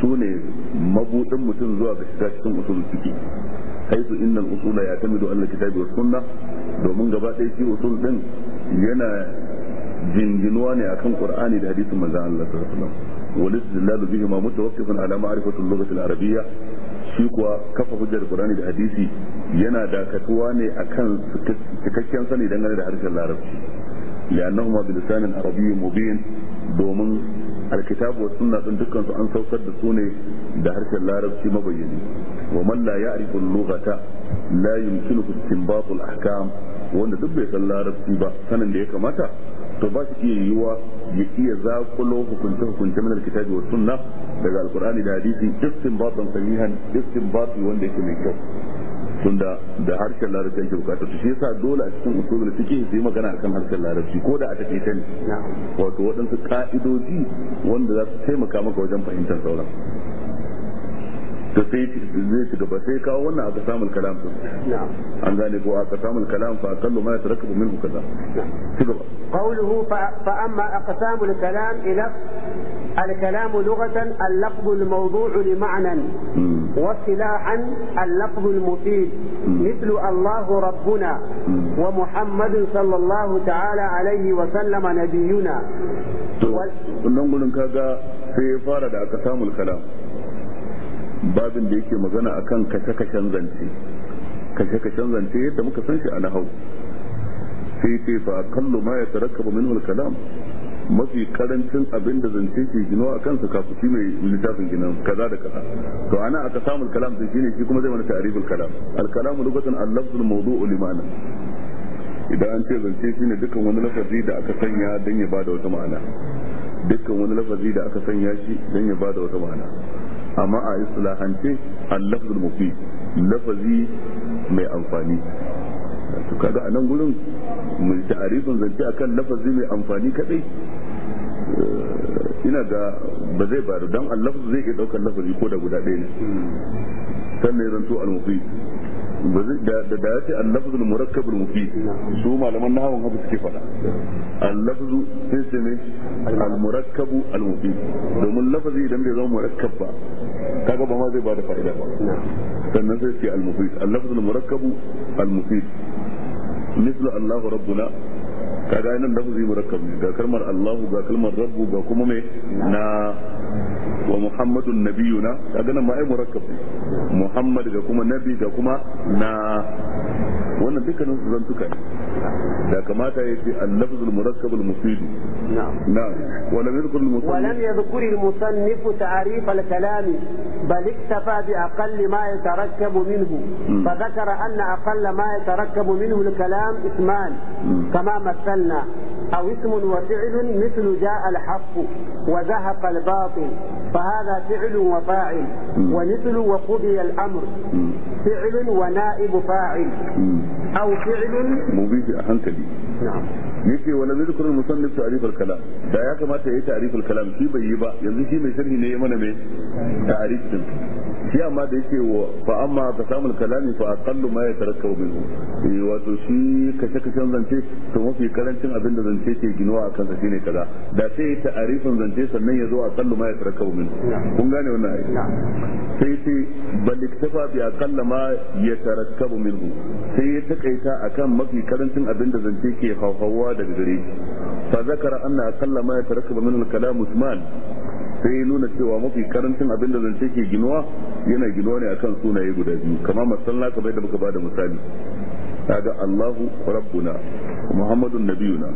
sune mabudin mutum zuwa ga shiga cikin usul al fiqh حيث ان الاصول يعتمد على الكتاب والسنه domin gaba ɗaya shi usul din yana jinginuwa ne akan qur'ani da hadisin manzon Allah sallallahu alaihi wasallam Wali da والاستدلال بهما متوقف على معرفة اللغة العربية shi kuwa kafa hujjar Kur'ani da hadisi yana dakatuwa ne akan cikakken sani dangane da harshen larabci li'annahuma bi lisanin arabiyyi mubin domin alkitabu wa sunna din an saukar da su ne da harshen larabci mabayyani wa man la ya'rifu al-lughata la yumkinu istinbat al-ahkam wanda duk bai san larabci ba sanin da ya kamata to ba shi iya yiwuwa ya iya zakulo hukunce hukunce min alkitabi wa sunna daga alqur'ani da hadisi istinbatan sahihan istinbati wanda yake mai kyau tunda da harshen larabci ake bukata su shi yasa dole a cikin usulul fiqh sai magana akan harshen larabci ko da a take ta ne wato waɗansu ka'idoji wanda za su taimaka maka wajen fahimtar sauran to sai zai ci gaba sai kawo wannan aka samun kalam din an gane ko aka samun kalam fa kallu ma tarakabu minhu kaza ci gaba qawluhu fa amma aqsamul kalam ila الكلام لغة اللفظ الموضوع لمعنى واصطلاحا اللفظ المفيد مثل الله ربنا ومحمد صلى الله تعالى عليه وسلم نبينا. نقول كذا في فارد أقسام الكلام. babin da yake magana a kan kashe-kashen zance kashe-kashen zance yadda muka san shi a nahau sai ce fa kallo ma ya tarakkaba minhu kalam mafi karancin abin da zance ke gino a kansa kafin shi mai littafin ginin kaza da kaza to ana aka samu kalam sai shine shi kuma zai mana ta'riful kalam al kalamu lugatan al lafzul mawdu'u limana idan an ce zance shine dukkan wani lafazi da aka sanya dan ya bada wata ma'ana dukkan wani lafazi da aka sanya shi dan ya bada wata ma'ana amma a islahance al-lafzul mufi lafazi mai amfani to kaga a nan gurin mai ta'arifin zance akan lafazi mai amfani kadai eh, ina ga ba zai bari dan al-lafz zai iya daukar lafazi ko da guda ɗaya ne sannan ya zanto al mufi da da ya ce al-lafzul murakkabul mufi su malaman nahawun haka suke faɗa al-lafzu sai ce ne al-murakkabu al-mufid domin lafazi idan bai zama murakkab ba kaga ba ma zai bada fa'ida ba sannan sai ce al-mufid al-lafz al-murakkabu al-mufid mislu Allah rabbuna kaga nan lafzi murakkab ne ga kalmar Allahu ga kalmar rabbu ga kuma me na wa muhammadun nabiyuna kaga nan ma ai murakkab ne muhammad ga kuma nabi ga kuma na wannan dukkanin su zantuka ne لا كما تأتي اللفظ المركب المفيد نعم نعم ولم يذكر المصنف ولم يذكر المصنف تعريف الكلام بل اكتفى بأقل ما يتركب منه فذكر أن أقل ما يتركب منه الكلام اسمان كما مثلنا أو اسم وفعل مثل جاء الحق وزهق الباطل فهذا فعل وفاعل ومثل وقضي الأمر فعل ونائب فاعل aw fi'lun mubihi a hankali na'am yace wala zikru musannif ta'rif al-kalam da ya kamata yayi ta'rif al-kalam shi bai yi ba yanzu shi mai sharhi ne ya mana me ta'rif din shi amma da yake wa fa amma ka samu kalami fa aqallu ma yatarakkabu minhu eh wato shi kashe kashen zance to mafi karancin abin da zance ke ginuwa akan sa shine kaza da sai ta arifin zance sannan ya zo aqallu ma yatarakkabu minhu kun gane wannan ai sai sai bal iktafa bi aqalla ma yatarakkabu minhu sai ya takaita akan mafi karancin abin da zance ke hawhawa daga gare shi fa zakara anna aqalla ma yatarakkabu minhu al-kalam usman sai nuna cewa mafi karancin abin da zance ke ginuwa yana ginuwa ne akan sunaye guda biyu kama masalla kamar da muka bada misali kaga Allahu rabbuna Muhammadun nabiyuna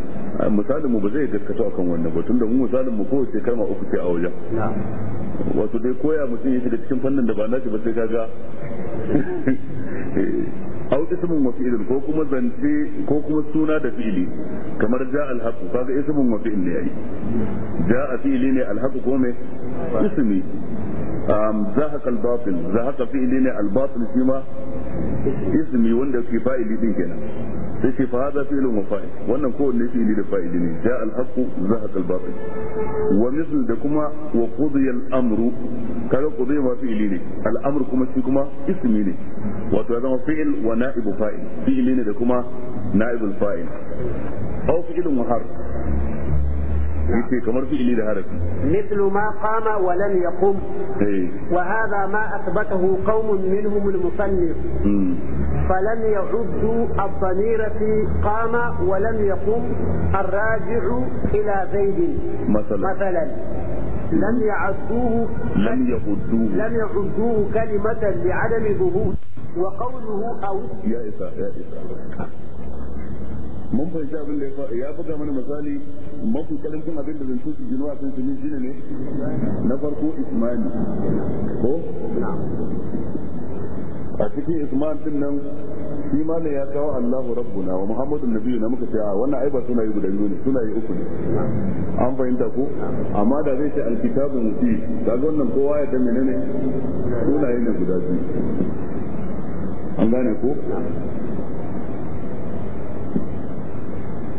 misalin mu ba zai gaskato akan wannan ba tunda mu misalin mu kowace kalma uku ce a wajen wato dai koya mutum ya shiga cikin fannin da ba nashi ba sai kaga [laughs] aw ismun wa ko kuma zance ko kuma suna da fi'li kamar ja al haqu kaga ismun ne yayi ja fi'li ne al ko me ne ismi wanda ke fa'ili din kenan sai ce fa hadha fi'lun wa fa'il wannan kowanne fi'ili da fa'ili ne ja al haqqu zahaqa al batil wa mithlu da kuma wa qudiya al amru kaga qudiya ma fi'ili ne al amru kuma shi kuma ismi ne wato ya zama fi'il wa na'ibu fa'il fi'ili ne da kuma na'ibul fa'il aw fi'lun wa harf يتي كمر في إلي دهارك مثل ما قام ولم يقم وهذا ما أثبته قوم منهم المصنف فلم يعدوا الضميرة قام ولم يقم الراجع إلى زيد مثلا, مثلا لم يعدوه لم يعدوه لم يعدوه كلمة لعدم ظهور وقوله أو يائسة يائسة mun fahimci abin da ya buga mana misali mafi karancin abin da zance su jinuwa sun su shine ne na farko ismani ko a cikin isman din nan shi ma ne ya kawo Allahu rabbuna wa Muhammadu nabiyyu na muka ce a wannan ai ba suna yi guda biyu ne suna yi uku ne an fahimta ko amma da zai ce alkitabu muti ga wannan kowa ya ta menene yi ne guda biyu an gane ko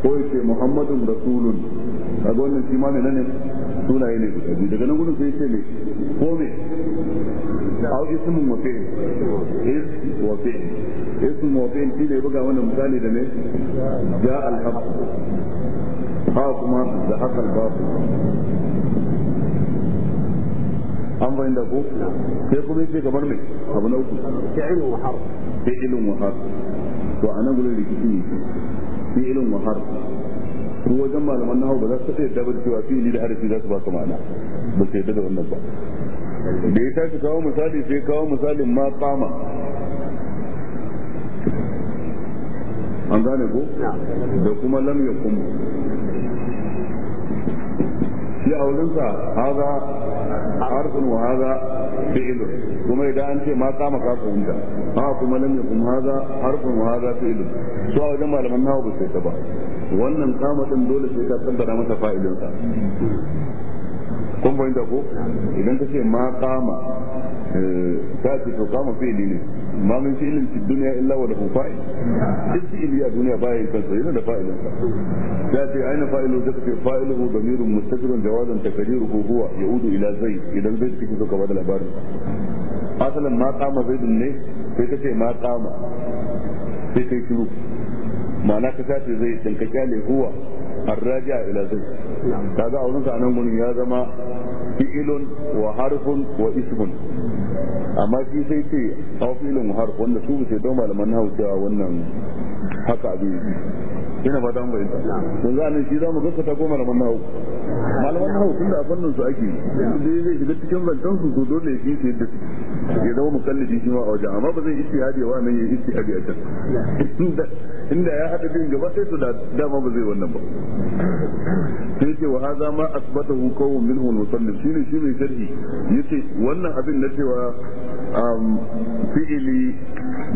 ko ya ce muhammadun rasulun A wannan shi ma ne nan sunaye ne guda biyu daga nan gudun sai ce ne ko me au ismun wa fi'l is wa fi'l ismun wa fi'l shi ne buga wannan misali da ne ja al-haq ha kuma da hakal babu an bayin da ko sai kuma yace kamar me abu na uku fi'lun wa harf fi'lun wa harf to anan gurin rikici ne fi'ilun ilin harf ko wajen malaman hau ba za su tsaye da cewa fi'ili da harafi za su ba su ma'ana ba su yadda da wannan ba da ya tashi kawo misali sai kawo misalin ma kama an gane ko da kuma lam ya kuma shi a wurinsa haza harfin wa haza fi'ilun kuma idan an ce ma kama ka fahimta a kuma lam yakum hadha harfun wa hadha fi'lun su a wajen malaman nawa ba sai ta ba wannan kama din dole sai ta kaddara masa fa'ilin sa kun fahimta ko idan ka ce ma kama ta eh, ce to kama fi'li ne ma min fi'lin fi duniya illa wa lahu fa'il duk fi'li a duniya ba yin kansa yana da fa'ilin sa ta ce aina fa'ilu da ce fa'iluhu damirun mustajirun jawadan takriruhu huwa udu ila zai idan zaid kike so ka bada labarin asalin ma kama zaidun ne sai ka ce ma kama sai kai shiru ma'ana ka sace zai din ka kyale huwa a ila zai za a wurin nan gurin ya zama fi'ilun wa harfun wa ismun amma shi sai ce aw fi'ilun wa harf wanda su ce don malaman hausa wannan haka abin ina ba dan bai don za nan shi za mu ta goma malaman hau malaman hau tunda a fannin su ake dai zai shiga cikin zancen su to dole ne fi su yadda su ya zama mukallidi shi ma a wajen amma ba zai istihadi wa nan ya istihadi a can inda ya hada din gaba sai su da dama ba zai wannan ba sai ce wa hadha ma hu qawmun minhum al shi ne shi mai sharhi yace wannan abin na cewa um, fi'ili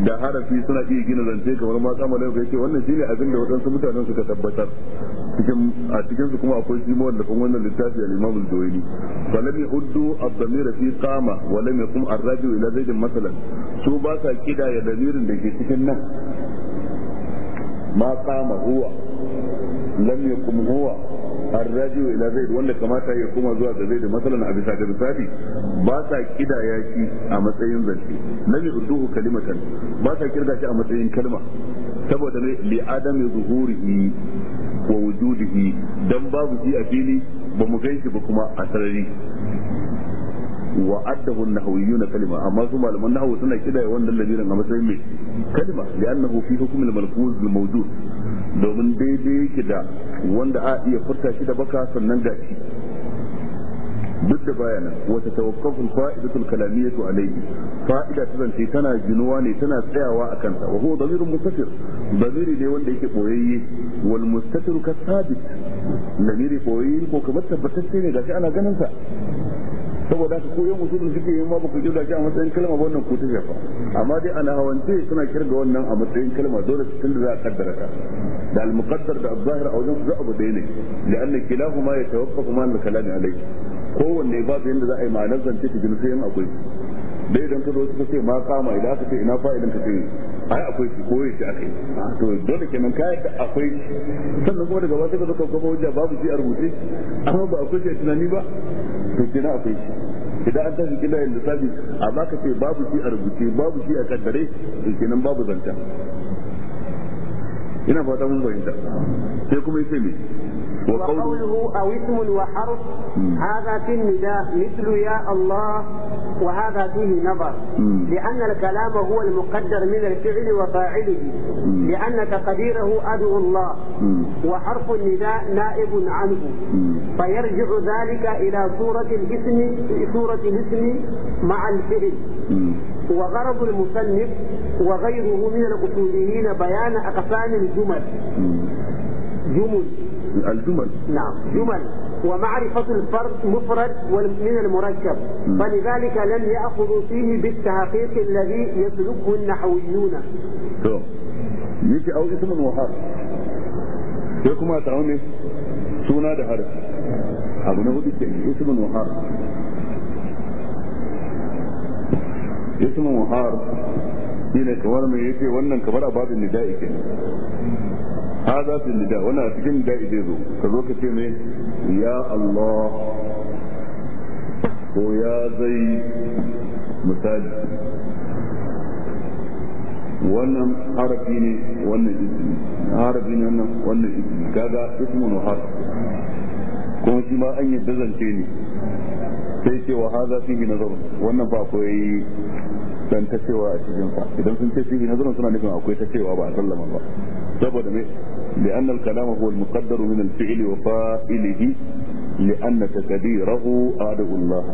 da harafi suna iya gina zance kamar ma kamar da yace wannan shine abin da wadansu mutanen suka tabbatar cikin a cikin su kuma akwai shi kuma wannan littafi al-Imam al-Dawaini fa lam yuddu ad-damir fi qama wa lam yaqum ar-rajul ila zaidin masalan su ba sa kida ya damirin da ke cikin nan ma qama huwa lam yaqum huwa الراديو ila زيد wanda kamata ya kuma zuwa ga da masalan a bisa ga misali ba sa ya shi a matsayin zance lam yurduhu kalimatan ba sa kirga shi a matsayin kalma saboda ne li adami zuhurihi wa wujudihi dan babu shi a fili ba mu shi ba kuma a sarari wa addahu an-nahawiyyun kalima amma su malaman nahwu suna kidaya wannan lamirin a matsayin mai kalima da annahu fi hukm al-malfuz al-mawjud domin daidai yake da wanda a iya furta shi da baka sannan da shi duk da bayana wata tawakkafin fa'idatul kalamiyatu alayhi fa'ida ta zance tana ginuwa ne tana tsayawa a kansa wa huwa dhamirun mustatir lamiri ne wanda yake boyayye wal mustatir ka sabit lamiri boyayye ko kamar sai ne gashi ana ganin sa saboda haka ko yan usulun suke yin ma baku da shi a matsayin kalma wannan ko ta shafa amma dai ana hawance suna kirga wannan a matsayin kalma dole cikin da za a kaddara ka da al-muqaddar da az-zahir a wajen su abu ɗaya ne da anna kilahuma yatawaqqafu ma al-kalami alayhi kowanne babu yanda za a yi ma'anar zance ta jinsu yan akwai dai dan ta zo suka ce ma kama idan aka ce ina fa'idan ka ce ai akwai shi ko yace akai to dole kenan ka yadda akwai sannan kuma daga wata ka kuma hujja babu shi a rubuce amma ba akwai shi a tunani ba to kenan akwai shi idan an tashi kila yin lissafi amma ka ce babu shi a rubuce babu shi a kaddare to kenan babu zanta ina fata mun fahimta sai kuma yace me وقوله أو اسم وحرف هذا في النداء مثل يا الله وهذا فيه نظر لأن الكلام هو المقدر من الفعل وفاعله لأن تقديره أدعو الله وحرف النداء نائب عنه فيرجع ذلك إلى صورة الاسم صورة الاسم مع الفعل وغرض المصنف وغيره من الأصوليين بيان أقسام الجمل جمل الجمل نعم جمل ومعرفة الفرد مفرد من المركب فلذلك لم يأخذوا فيه بالتحقيق الذي يسلكه النحويون yake au ismin wahar sai kuma ta ne suna da harfi abu na hudu ke ismin wahar ismin wahar shine kamar mai yake wannan kamar ababin nida'i kenan hada fil nida wannan a cikin da zai zo ka zo ka ce me ya Allah ko ya zai misali wannan harafi ne wannan ismi harafi ne wannan wannan ismi kaga ismun wa kuma shi ma an yi dazance ne sai ce wa haza fihi nazar wannan fa akwai dan ta cewa a cikin fa idan sun ce fihi nazar suna nufin akwai ta cewa ba a sallama ba saboda me لأن الكلام هو المقدر من الفعل وفائله لأن تكبيره أعده الله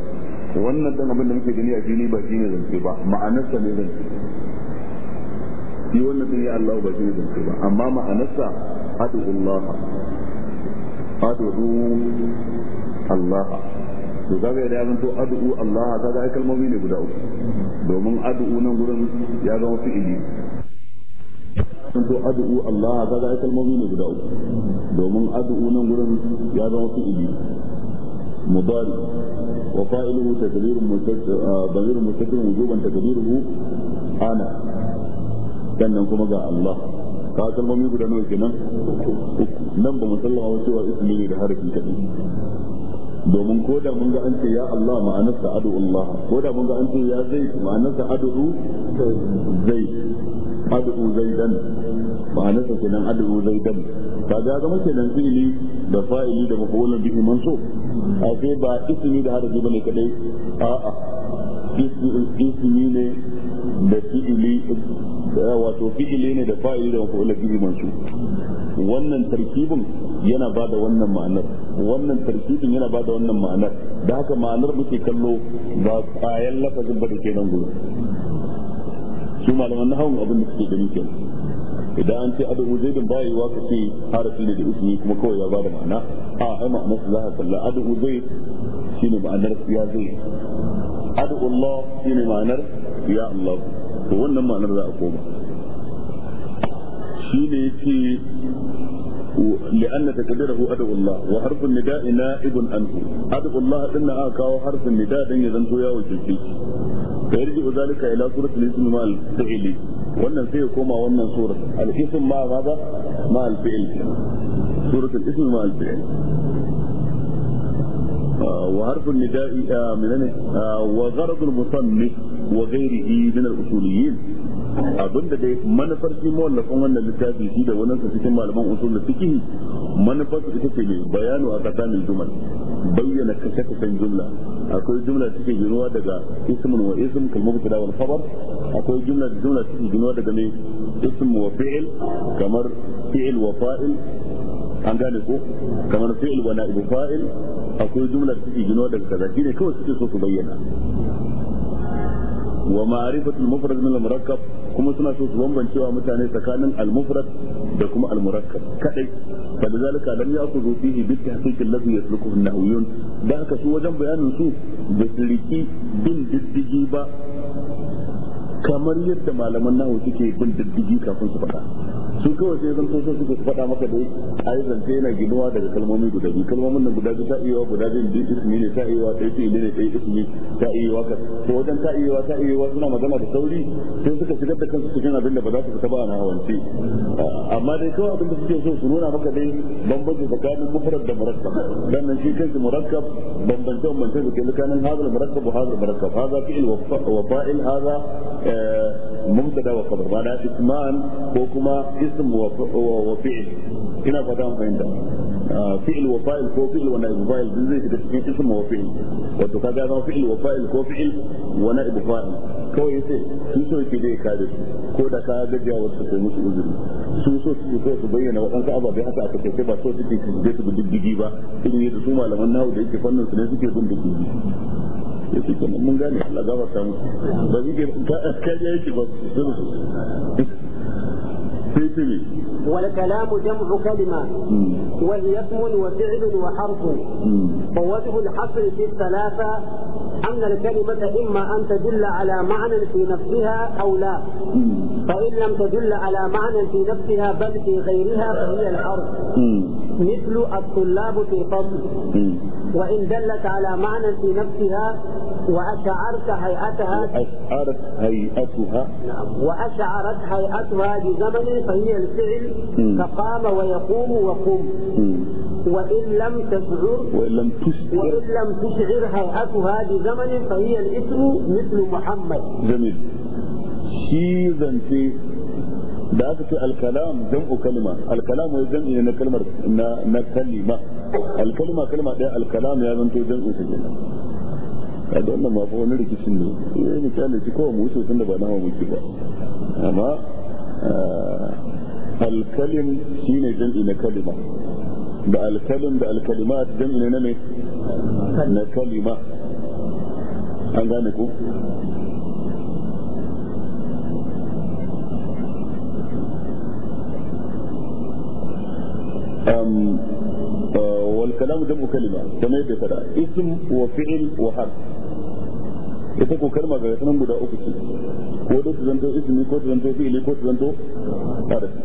wannan dan abin da muke a fili ba shine zance ba ma'anarsa ne zance shi wannan din ya Allah ba shine zance ba amma ma'anarsa adu Allah adu Allah to ya Allah kaga ai kalmomi ne guda uku domin adu'u nan gurin ya zama fi'ili sun to ad'u Allah ga ga kalmomi ne guda uku domin ad'u nan gurin ya zama fi'ili mudari wa fa'iluhu takdirun mustaqbil mustaqbil wujuban takdiruhu ana sannan kuma ga Allah ka kalmomi guda nawa kenan nan ba musallama wa cewa ismi ne da harafi kadai domin ko da mun ga an ce ya Allah ma'anarsa adu Allah ko da mun ga an ce ya zai ma'anarsa adu zai ad'u zaidan ba ma'anar sa kenan ad'u zaidan ba ga zama kenan fi'ili da fa'ili da maf'ulun bihi mansub a sai ba ismi da harafi bane kadai a a ismi ne da fi'ili da wato fi'ili ne da fa'ili da maf'ulun bihi mansub wannan tarkibin yana ba da wannan ma'anar wannan tarkibin yana ba da wannan ma'anar da haka ma'anar muke kallo ba kayan lafazin ba da ke nan gudu su malaman na hawan abin da suke gani ke idan an ce adu zaidin bai wa kace harafin da ismi kuma kawai ya bada ma'ana a ai ma'ana su zaka kalla adu Zai shine ma'anar ya zai adu Allah shine ma'anar ya Allah to wannan ma'anar za a koma shine yace لأن تكبيره أدب الله وحرف النداء نائب عنه أدب الله إن آكا حرف النداء دين يزنتو يا وجلسي فيرجع ذلك إلى سورة الاسم مع الفعل وأن فيه كما وأن سورة الاسم مع ماذا؟ مع الفعل سورة الاسم مع الفعل آه، وحرف النداء آه، من آه، وغرض المصنف وغيره من الأصوليين abinda dai manufar shi mawallafin wannan littafi shi da wani cikin malaman usul fikihi manufar ita ce ne bayanu a kasamin jumal bayyana kashe kashen jumla akwai jumla cikin ginuwa daga ismun wa ism kalmar mubtada wal khabar akwai jumla da jumla cikin ginuwa daga ne ism wa fi'il kamar fi'il wa fa'il an gane ko kamar fi'il wa na'ibu fa'il akwai jumla cikin ginuwa daga kaza shine kawai suke so su bayyana wa ma'rifatul mufrad min al-murakkab kuma suna so su bambancewa mutane tsakanin al da kuma al-murakkab kadai fa zalika lam ya'khudhu fihi bi tahqiq alladhi yasluquhu an-nahwiyun da haka su wajen bayanin su da siriki bin diddigi ba kamar yadda malaman nahwu suke bin diddigi kafin su faɗa su kawai sai zan so suke su faɗa maka dai a yi zance yana ginuwa daga kalmomi guda biyu kalmomin nan guda biyu ta iya guda biyu biyu ismi ne ta iya ɗaya fi'ili ne ta yi ismi ta iya ka ko wajen ta iya ta iya suna magana da sauri sai suka shigar da kansu cikin abin da ba za su fita ba a nahawance ah, amma dai kawai abin da suke so su nuna maka dai bambanci tsakanin mufrad da murakkab dan nan shi kanshi murakkab bambance bambance da ke tsakanin hadal murakkab wa hadal murakkab hada fi'il wa fa'il hada eh, mubtada wa khabar ba da isman ko kuma اسم وفعل هنا ina fata mun fahimta ah, fi'l wa ونائب ko زي wa اسم وفعل duk هذا فعل cikin ism wa fi'l wato kaga zama fi'l wa كادس ko fi'l wa na'ib fa'il kawai yace su so yake dai kare su ko da ka gajiya wasu sai musu uzuri su so su yake yace kuma mun gane Allah ta mu ba zai ka ka ya yake ba su والكلام جمع كلمة وهي اسم وفعل وحرف ووجه الحصر في الثلاثة أن الكلمة إما أن تدل على معنى في نفسها أو لا فإن لم تدل على معنى في نفسها بل في غيرها فهي الحرف مثل الطلاب في الفصل وإن دلت على معنى في نفسها وأشعرت هيئتها اشعرت هيئتها نعم وأشعرت هيئتها بزمن فهي الفعل فقام ويقوم وقم وإن لم تشعر وإن لم تشعر وإن لم تشعر هيئتها بزمن فهي الاسم مثل محمد جميل شيء في da aka ce al zan jam'u kalma al-kalam wai jam'i ne na kalmar na na kalima al-kalma kalma daya al-kalam ya zanto jam'u ta kenan a da wannan ma fa wani rikicin ne eh ni kana ci ko mu wuce tunda ba nawa muke ba amma eh, al-kalim shine jam'i na kalima da al da al zan jam'i ne na ne na kalima an gane ko والكلام جمع كلمة كما يبقى اسم وفعل وحرف ita ko kalma ga sanan guda uku ce ko da su zanto ismi ko su zanto fi'ili ko su zanto harfi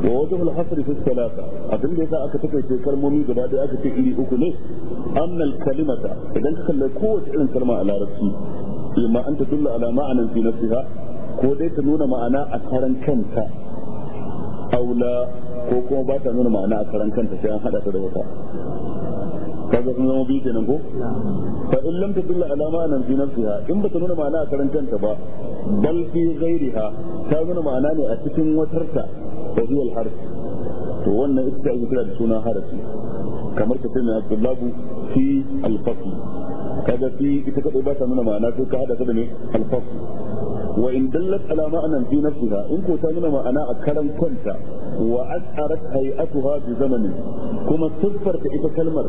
wa wajhu al-hasr fi salata abin da yasa aka take kalmomi gaba da aka ce iri uku ne anna al-kalimata idan ka kalle kowace irin kalma a larabci imma an ta tadullu ala ma'anan fi nafsiha ko dai ta nuna ma'ana a karan kanta aula ko kuma ba ta nuna ma'ana a karan kanta sai an hada ta da wata kaga sun zama biyu kenan ko fa in lam tadulla ala ma'anan fi nafsiha in ba bata nuna ma'ana a karan kanta ba bal fi ghairiha ta nuna ma'ana ne a cikin watarta da huwa al-harf to wannan ita ake kira da suna harafi kamar ka sani abdullahu fi al-fasl kaga fi ita kadai ba ta nuna ma'ana sai ka hada ta da ne al-fasl wa in dallat ala ma'anan fi nafsiha in ko ta nuna ma'ana a karan kwanta wa as'arat hay'atuha bi zamanin kuma siffar ta ita kalmar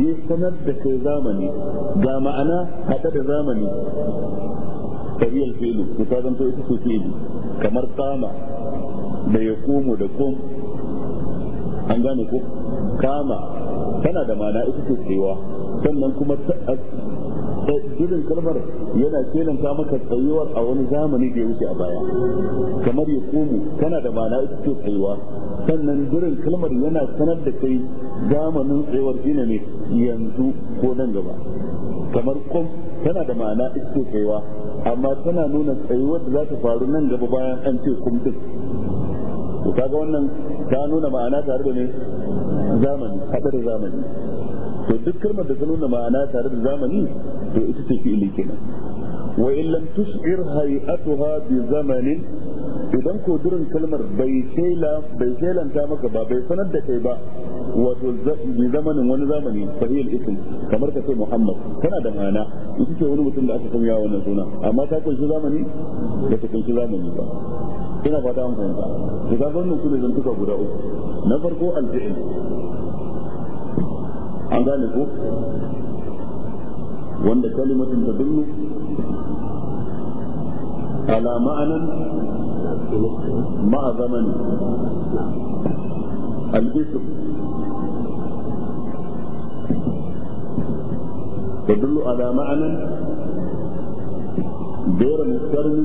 ya sanar da kai zamani ga ma'ana hada da zamani tariyar fi'lu ko ta zanto ita ce fi'lu kamar kama da ya komo da kom an gane ko kama tana da ma'ana ita ce cewa sannan kuma gudun kalmar yana ta maka tsayuwar a wani zamani da ya wuce a baya kamar ya komu kana da ma'ana ita ce tsayuwa sannan gudun kalmar yana sanar da kai zamanin tsayuwar gina ne yanzu ko nan gaba kamar kom tana da ma'ana ita ce tsayuwa amma tana nuna tsayuwar da za ta faru nan gaba bayan an ce kum din to kaga wannan ta nuna ma'ana tare da ne zamani hada zamani to duk kalmar da ta nuna ma'ana tare da zamani to ita ce fi'ili kenan wa in lam tus'ir hay'atuha bi zamanin idan ko durin kalmar bai shela bai shelanta maka ba bai sanar da kai ba wato bi zamanin wani zamani sahih al-ism kamar ka ce Muhammad tana da ma'ana ita ce wani mutum da aka sanya wannan suna amma ta kunshi zamani da ta kunshi zamani ba ina fata an fahimta to ga wannan kuma zantuka guda uku na farko al an gane ku. wanda kalimatin ta dullu ala ma'anan ma'a zamani al-ism ala ma'anan معنى غير مقترن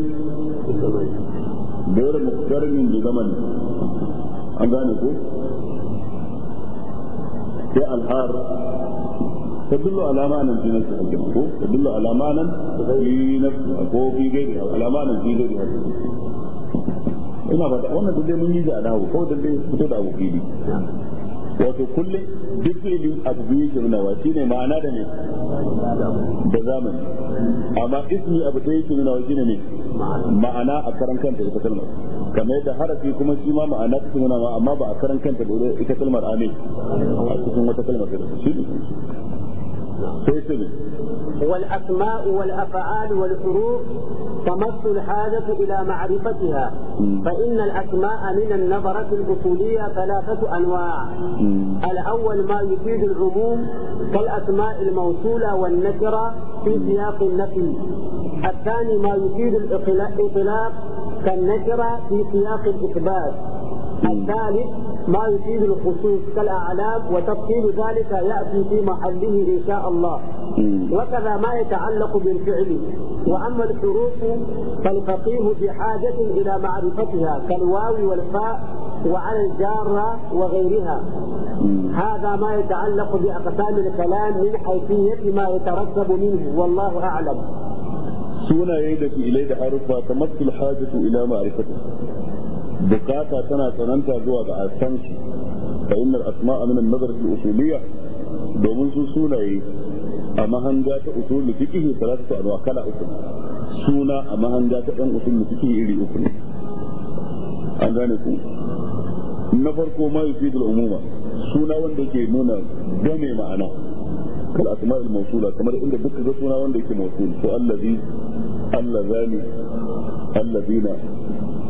غير مقترن zaman an gane ko sai alhar تدل على ما معنى في نفس الحكمة تدل على ما معنى في نفسها ko fi gairi على معنى في غيرها ina fata wannan duk dai mun yi da dawo ko duk dai fito da abu fili wato kullum duk filin abu biyu ke nuna wa shine ma'ana da ne da zamani amma ismi abu da yake nuna wa shine ne ma'ana a karan kanta da kalmar kamar yadda harafi kuma shi ma ma'ana ta nuna ma amma ba a karan kanta da ita kalmar amin a cikin wata kalmar da shi والأسماء والأفعال والحروف تمس الحاجة إلى معرفتها فإن الأسماء من النظرة الأصولية ثلاثة أنواع الأول ما يفيد العموم كالأسماء الموصولة والنكرة في سياق النفي الثاني ما يفيد الإطلاق كالنكرة في سياق الإثبات الثالث ما يفيد الخصوص كالأعلام وتفصيل ذلك يأتي في محله إن شاء الله وكذا ما يتعلق بالفعل وأما الحروف فالفقيه بحاجة إلى معرفتها كالواو والفاء وعلى الجارة وغيرها هذا ما يتعلق بأقسام الكلام من حيثية ما يترتب منه والله أعلم سونا يدك اليك حرفها تمس الحاجة إلى معرفته bukata tana tsananta zuwa ga asanci fa asma'a min an-nazar al domin su sunaye a mahanga ta usulul fiqh salatu anwa kala uku suna a mahanga ta dan usulul fiqh iri uku ne an ku na farko ma yufidul umuma suna wanda yake nuna game ma'ana kal asma'ul mawsula kamar inda suna wanda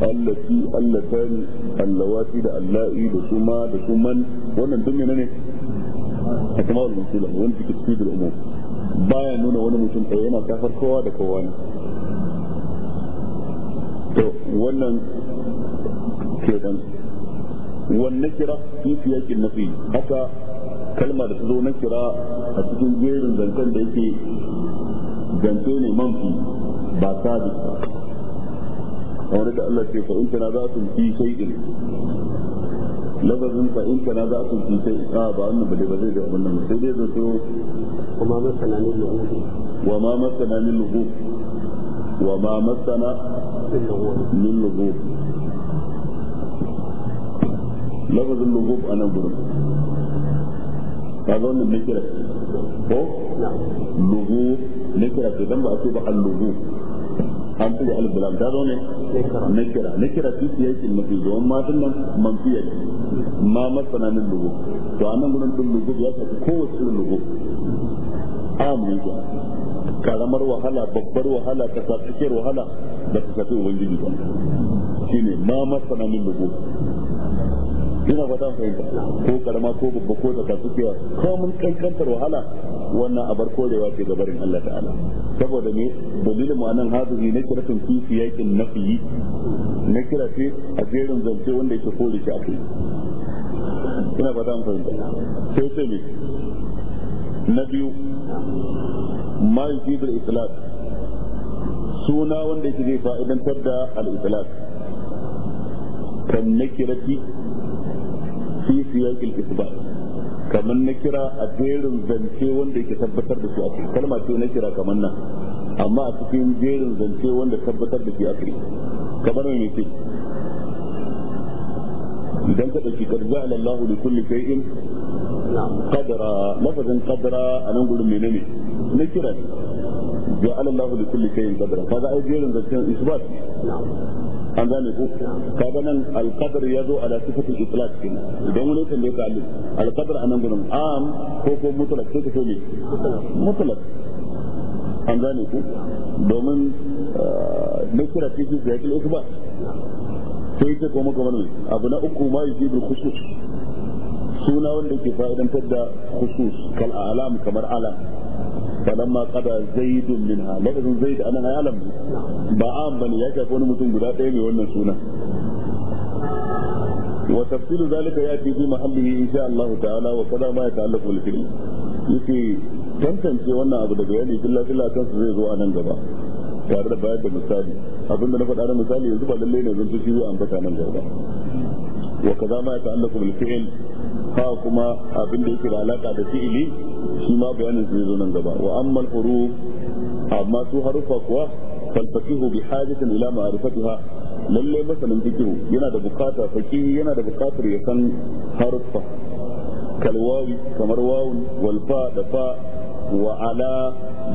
allati allatani allawati da alla'i da kuma da kuman wannan duk menene asma'ul mawsula wanda wani cikin da umum baya nuna wani mutum ɗaya yana kafar kowa da kowa ne to wannan ke kenan wannan kira fi siyakin nafi haka kalma da ta zo na kira a cikin jerin zancen da yake zance ne manfi ba sabis ba kamar da Allah ce fa in kana za su fi lafazin fa in kana za su fi a ah, ba ba zai ga sai dai zato kuma masana wa ma masana min wa ma masana min lugu. lafazin lugu anan gurin kaga wannan nakira ko nakira idan ba a ce ba al an tsire alif da ta zo ne na kira na kira fi siyakin mafi zuwan matan nan man fiye ma masana min lugu to a nan gudun ɗin lugu ya tafi kowace irin lugu amin karamar wahala babbar wahala ta tsakiyar wahala da ta tafi ubangiji ba ne ma masana min lugu ina fata fahimta ko karama ko babba ko da ta tsakiya kawo mun kankantar wahala wannan abar korewa ce gabarin Allah ta'ala saboda ne dalilin ma'anan ne kira kiratun fi siyakin nafiyi na kira ce a jerin zance wanda yake kore shi kai. ina fata mun fahimta sai ce ne na biyu ma yufidul itlaq suna wanda yake zai fa'idantar da al-itlaq kan nakirati fi siyaqil isbat kamar na kira a jerin zance wanda yake tabbatar da shi a cikin kalma ce na kira kamar nan amma a cikin jerin zance wanda tabbatar da shi a cikin kamar mai ce idan ka ɗauki karza alallahu da kulli shay'in qadara mafazin qadara a nan gurin menene na kira ne ja'ala Allahu li kulli shay'in qadara kaga ai jerin ba. isbat an gane ku kaga nan alqadar yazo ala sifati itlaq kin idan wani kan da kalli alqadar anan gurin am ko ko mutlaq sai ka so ne mutlaq an gane ko domin nakira fi fi zai kalli ba sai ta kuma kamar ne abu na uku ma yaji bil khusus suna wanda ke fa'idantar da khusus kal alam kamar alam falamma qada zaidun minha lafazin zaid anan ya alam ba an bane ya shafi wani mutum guda ɗaya mai wannan suna wa tafsilu zalika yati bi mahallihi insha Allah ta'ala wa kada ma yata'allaqu bil fi'l yake tantance wannan abu daga yali billa billa kan su zai zo a nan gaba tare da bayar da misali abinda na faɗa na misali yanzu ba lallai ne zan shi zai ambata nan gaba wa kaza ma yata'allaqu bil fi'l ha kuma abinda yake da alaka da fi'ili shi ma bayanin zai zo nan gaba wa amma al-huruf amma su harufa kuwa falfakihu bi hajatin ila ma'rifatiha lalle masanin fikihu yana da bukata faki yana da bukatar ya san haruffa kalwawi kamar wawun wal fa da fa wa ala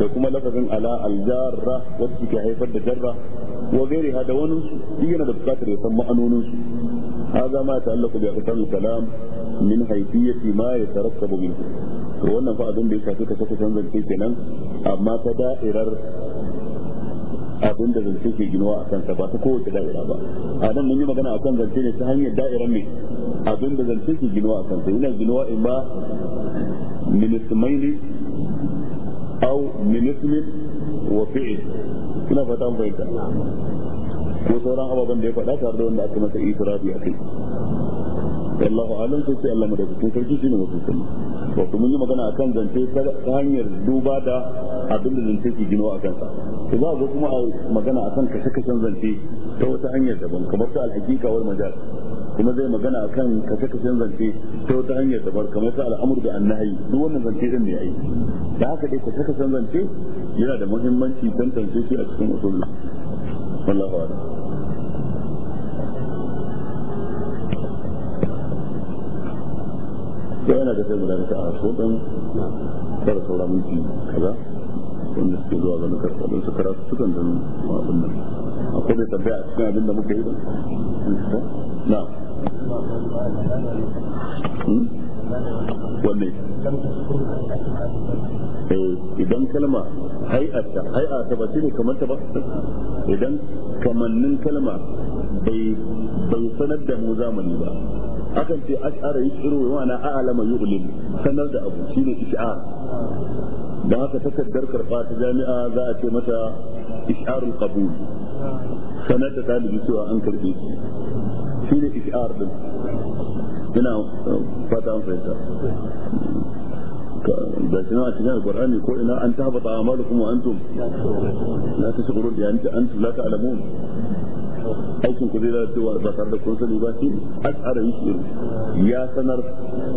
da kuma lafazin ala al-jarra, wacce suke haifar da jarra wa gairi da wani su yana da bukatar ya san ma'anonin su هذا ما يتعلق بأقسام الكلام من حيثية ما يترتب منه to wannan fa abin da ya shafi ka saka zance kenan amma ta da'irar abin da zance ke ginuwa a kansa ba ta kowace da'ira ba a nan mun yi magana a kan zance ne ta hanyar da'irar ne abin da zance ke ginuwa a kansa yana ginuwa in ba minismaili au minismin wa fi'il ina fata mun fahimta ko sauran ababen da ya faɗa tare da wanda aka masa itirafi a kai Allahu alam sai Allah madaukakin sarki shine mutum wato mun yi magana akan zance ta hanyar duba da abin da zance ke ginawa a kansa to za a kuma a magana akan kashe-kashen zance ta wata hanyar daban kamar ta alhakika wal majal kuma zai magana akan kashe-kashen zance ta wata hanyar daban kamar ta al'amur da annahi duk wannan zance din ne ai da haka dai kashe-kashen zance yana da muhimmanci tantance shi a cikin usulul wallahi da yana da sai mu dakata a so dan kar saura minti kaza wanda suke zuwa ga nakar don su karatu sukan don abin nan akwai da tabbai a cikin abin da muka yi da na hmm? wanne eh, idan kalma hai'ata hai'ata ba ne kamar ta ba idan kamannin kalma bai sanar da mu zamani ba akan ce ash'ara yushiru wa ana sanar da abu ish'ar da haka ta jami'a za a ce mata ish'arul qabul sanar da talibi cewa an shi ish'ar din ina uh, fata an fahimta shi na a cikin ko ina an tabata amalukum wa antum la la ta'lamun aikin ku zai lalacewa ba tare da kun sani ba shi as'ara shi ya sanar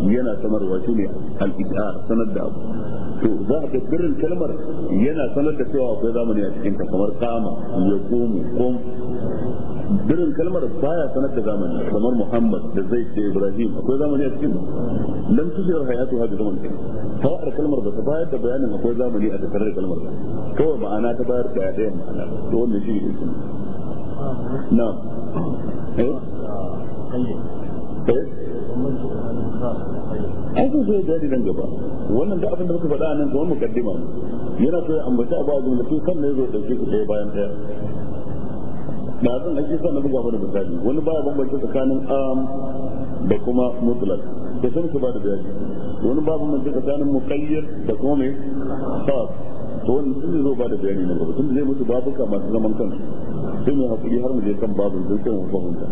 yana sanarwa shi ne al sanar da abu to za a birrin kalmar yana sanar da cewa akwai zamani a cikin ta kamar kama ya komu kom birin kalmar baya sanar da zamani kamar muhammad da zai da ibrahim akwai zamani a cikin lam tujir hayatu hadu zaman kai fa'ar kalmar ba ta bayar da bayanin akwai zamani a tattare da kalmar kawai ma'ana ta bayar da ɗaya ma'ana to wannan shi ne na'am eh? eh ai zai zai jari nan gaba wannan da abin da muka faɗa nan kamar mukaddima yana so ya ambata ba jumla sai sannan zai dauke ku ɗaya bayan ɗaya da zan ake sannan buga mana misali wani baya bambanta tsakanin am da kuma mutlak da sun su ba da bayani wani baya bambanta tsakanin muqayyad da kuma mai khas to wani sun zo ba da ne nan gaba tun zai mutu babuka masu zaman kansu sai mai hakuri har mu je kan babin don sai mu fahimta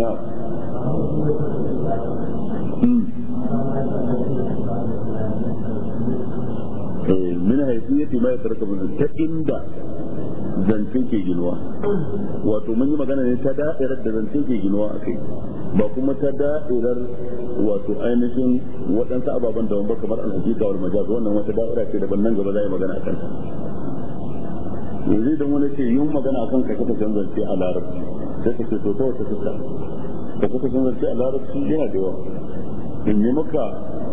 na hmm. eh, min haifiyati ma yatarkabu ta inda zance ke ginuwa wato mun yi magana ne ta da'irar da zance ke ginuwa a kai ba kuma ta da'irar wato ainihin waɗansu ababen da ba kamar alhaji kawar majaz wannan wata da'ira ce daban nan gaba za yi magana a kanta yanzu da wani ce yin magana akan ka kafa canza ce a larabci sai ka ce to ta wata fuska ka kafa canza ce a larabci yana da yawa in yi maka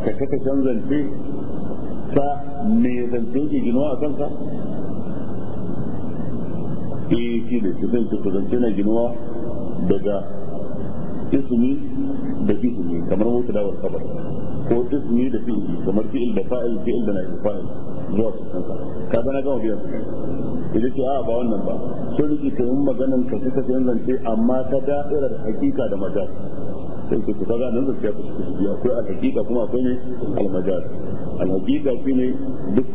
ka kafa canza ce ta me zance ke ginuwa a kanka eh shi ne shi zai ce zance na ginuwa daga ismi da ismi kamar wata dawar kabar ko ismi da fi'ili kamar fi'il da fa'il fi'il da na fa'il zuwa cikin ka ka na gama biyan idan ce a ba wannan ba sun rike ta yin maganan ka suka fi zance amma ta da'irar hakika da majal sai ku tuka ga nan gaskiya ku suke biya akwai al-hakika kuma akwai ne al-majal al ne duk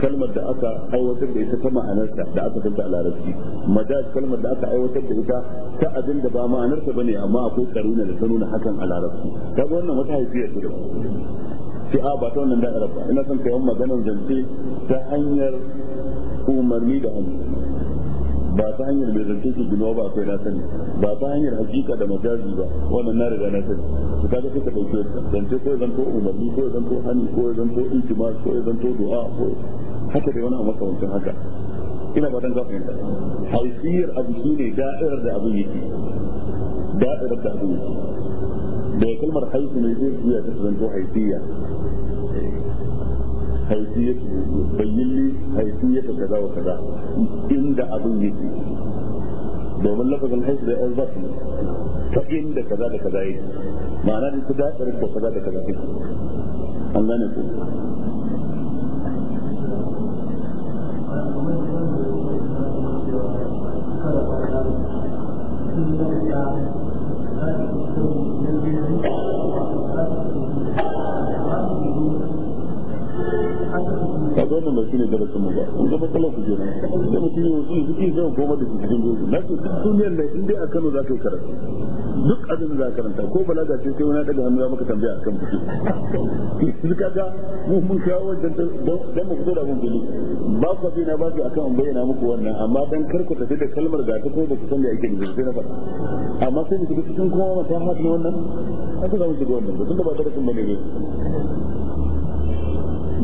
kalmar da aka aiwatar da ita ta ma'anarta da aka tanta a larabci majal kalmar da aka aiwatar da ita ta abin da ba ma'anarta bane amma akwai karuna da ta nuna hakan a larabci kaga wannan wata haifiyar ta da sai a ba ta wannan da'irar ba ina son ka yi maganan zance ta hanyar umarni da hannu ba ta hanyar mai zance ke ginuwa ba akwai na sani ba ta hanyar hakika da majazi ba wannan na riga na sani su kaga suka dauke zance ko zanto umarni ko zanto hani ko zanto intima ko zanto du'a ko haka dai wani a makamancin haka ina ba dan ka fahimta hausiyar abu shi ne da'irar da abu yake da'irar da abu yake da kalmar haifi ne zai zuya ta zanto haifiya haifiyatu kaza wa kaza inda abin yake domin lafazin haifu da yan zafi ta inda kaza da kaza yake ma'ana da da kaza da kaza an gane ku Thank you. ka ga wannan ba shi ne darasin mu ba in ga matsalar ku kenan sai mutum ya wasu suke zai goma da su cikin gobe na ce duk duniyar nan in a Kano za ka yi karatu duk abin da za ka karanta ko balaga ce sai wani daga hannu ya maka tambaya akan fito yanzu kaga mu mun kawo wajen dan mu fito da mun gani ba ku na ba su akan bayyana muku wannan amma dan kar ku tafi da kalmar ga ta ko ba ku san da yake nufi sai na faɗa amma sai mu shiga cikin kowa mata hatin wannan haka za mu shiga wannan ba tunda ba darasin bane ne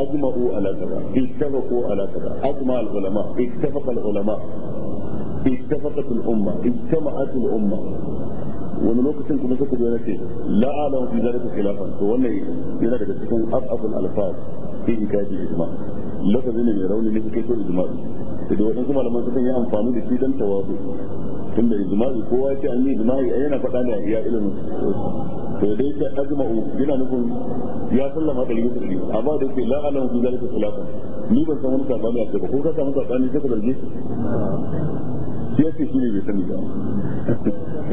ajma'u ala kaza ittafaqu ala kaza ajma al ulama ittafaqa al ulama ittafaqat al umma ijtama'at al umma wani lokacin kuma suka zo nace la ala fi zalika khilafan to wannan yana daga cikin afafun alfaz fi ikaji ijma lafazi ne mai rauni ne suka yi ijma da wadansu malaman sukan yi amfani da shi dan tawazu tunda ijma'i kowa ya ce an yi ijma'i yana faɗa ne a iya ilimin to dai ta azma'u yana nufin ya sallama da rigar da rigar amma da yake la alamu fi zalika salatu ni ban san wani sabani a ba ko ka samu sabani sai ka dalje shi yake shi ne bai sani ba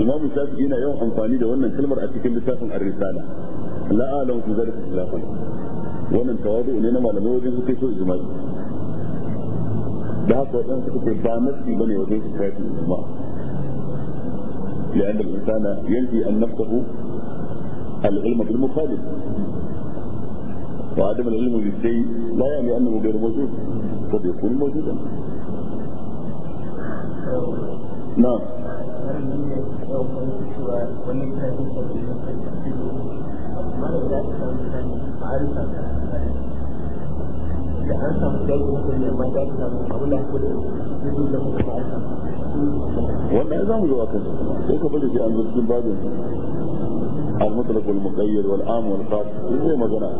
imamu shafi yana yawan amfani da wannan kalmar a cikin littafin ar-risala la alamu fi zalika wannan tawadu ne na malamai wajen suke so ijma'i da haka waɗansu suka ba nasi bane wajen su shafi ijma'i لأن الإنسان ينفي أن نفسه العلم بالمخالف وعدم العلم بالشيء لا da an samu jari mutum da kudu da duk da mutum ba mu zo a kan sai ka bari sai المطلق والمقيد والعام والخاص زي ما قلنا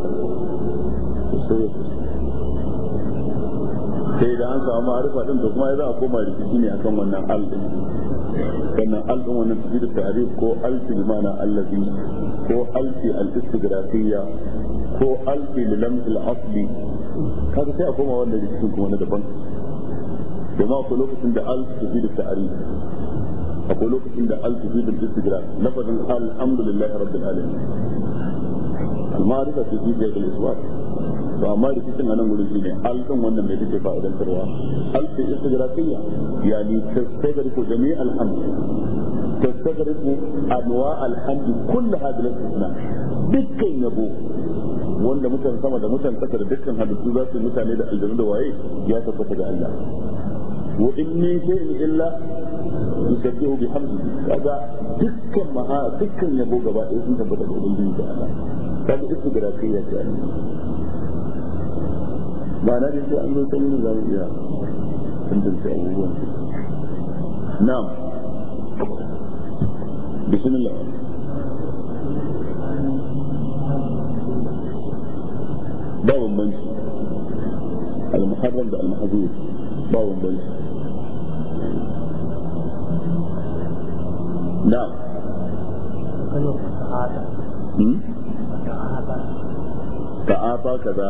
sai da an samu ma'arifa din to kuma ya za a koma da rikici ne akan wannan al din wannan al din wannan tafidu ta'rif ko al fi ma'ana allazi ko al fi al istigrafiyya ko al fi lam asli kaga sai a koma wannan rikicin kuma na daban ma ko lokacin da al tafidu ta'rif akwai lokacin da al tufidu istigra lafazin alhamdulillahi rabbil alamin al-ma'rifa fi siyaqi al-iswaq to amma da cikin anan gurin shine alkan wannan mai take fa'idantarwa alfi istigraqiyya yani tastagriqu jami' alhamd tastagriqu anwa alhamd kull hada al-istisna dukkan yabo wanda mutan sama da mutan saka da dukkan halittu za su mutane da aljanu da waye ya tabbata da Allah wa inni min shay'in illa yusabbihu bihamdi kaga dukkan maha dukkan yabo gaba ɗaya sun tabbata ga ubangiji da Allah kaga istigrafiya ce ba na da sai an zo sanin zamu iya tantance abubuwan na'am bismillah ba bambanci al-muharram da al-mahzur ba bambanci نعم ta'afa hmm? kaza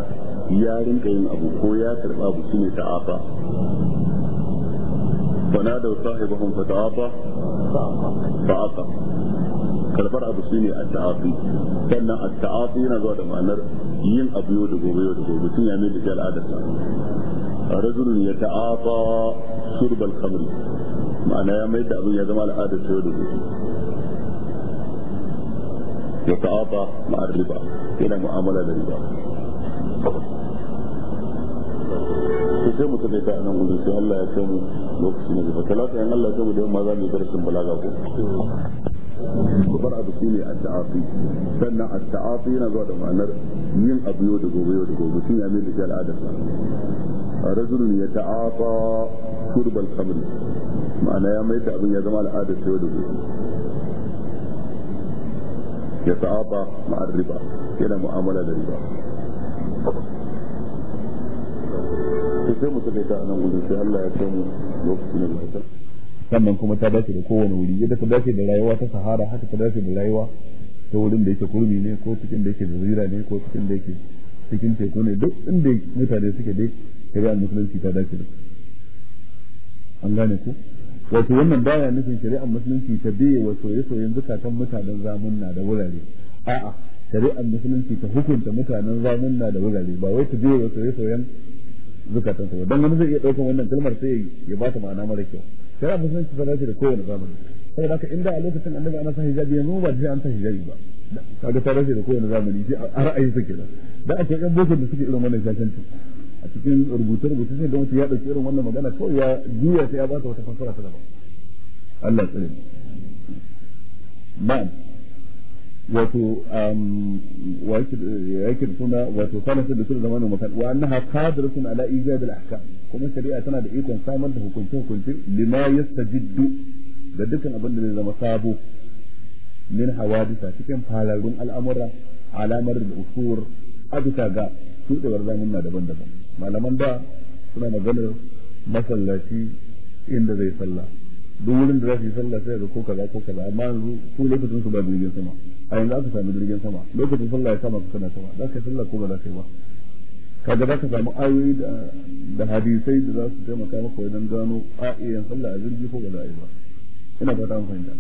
ya rinka yin abu ko ya karba abu shine ta'afa fana da sahibahum fa ta'afa Ta'afa. karbar abu shine at-ta'afi sannan at-ta'afi yana zuwa da ma'anar yin abu yau da gobe yau da gobe tun ya mai da al'adarsa rajulun ya ta'afa shurbal khamri ma'ana ya mayar da abin ya zama al'adar ta yau da gobe ya ta'ata ma'ar riba yana mu'amala da riba sai nan sai Allah ya kai mu lokaci na gaba talata yan Allah ya kai mu da yamma za mu yi darasin balaga ko kubar abu shine a taafi sannan taafi yana zuwa da ma'anar yin abu yau da gobe yau da gobe sun yame da shi al'adar sa rajulun ya ta'afa kurbal ma'ana ya mai da abin ya zama al'adar ta yau da gobe ya ta'aba ma'ar riba yana mu'amala da riba sai mu tafi ta nan gudun sai Allah ya kai mu lokacin da ya sannan kuma ta dace da kowane wuri yadda ta dace da rayuwa ta sahara haka ta dace da rayuwa ta wurin da yake kurmi ne ko cikin da yake zazira ne ko cikin da yake cikin teku ne duk inda mutane suke dai shari'ar musulunci ta dace da an gane ku wato wannan baya nufin shari'ar musulunci ta biye wa soye-soyen zukatan mutanen zamun na da wurare a'a shari'ar musulunci ta hukunta mutanen zamun na da wurare ba wai ta biye wa soye-soyen zukatan su dan wani zai iya daukan wannan kalmar sai ya ba ta ma'ana mara kyau shari'ar musulunci ba za ta da kowane zamani saboda haka inda a lokacin annabi ana sa hijabi yanzu ba sai an sa hijabi ba kaga ta rashe da kowane zamani sai a ra'ayin su kenan da akwai yan boko da suke irin wannan shashanci a cikin rubuce rubuce sai da wasu ya dauki irin wannan magana kawai ya juya sai ya bata wata fassara ta daban Allah tsare ba wato um, wa yake da suna wato kana sai da suna zamanin makar wa annaha qadiratun ala ijad al ahkam kuma shari'a tana da ikon samar da hukunce hukunce lima yastajiddu da dukkan abin da zai zama sabo min hawadisa cikin falarun al'amura alamar da usur a bisa ga shuɗewar na daban-daban malaman da suna maganar masallaci inda zai sallah duk wurin da za su yi sallah sai ga ko kaza ko kaza amma yanzu su lokacin su ba jirgin sama a yanzu aka sami jirgin sama lokacin sallah ya sama kana sama za ka yi sallah ko ba za ka yi ba kaga za ka samu ayoyi da hadisai da za su taimaka maka wajen gano a iya eh, sallah a jirgi ko ba za a yi ba ina fata an fahimta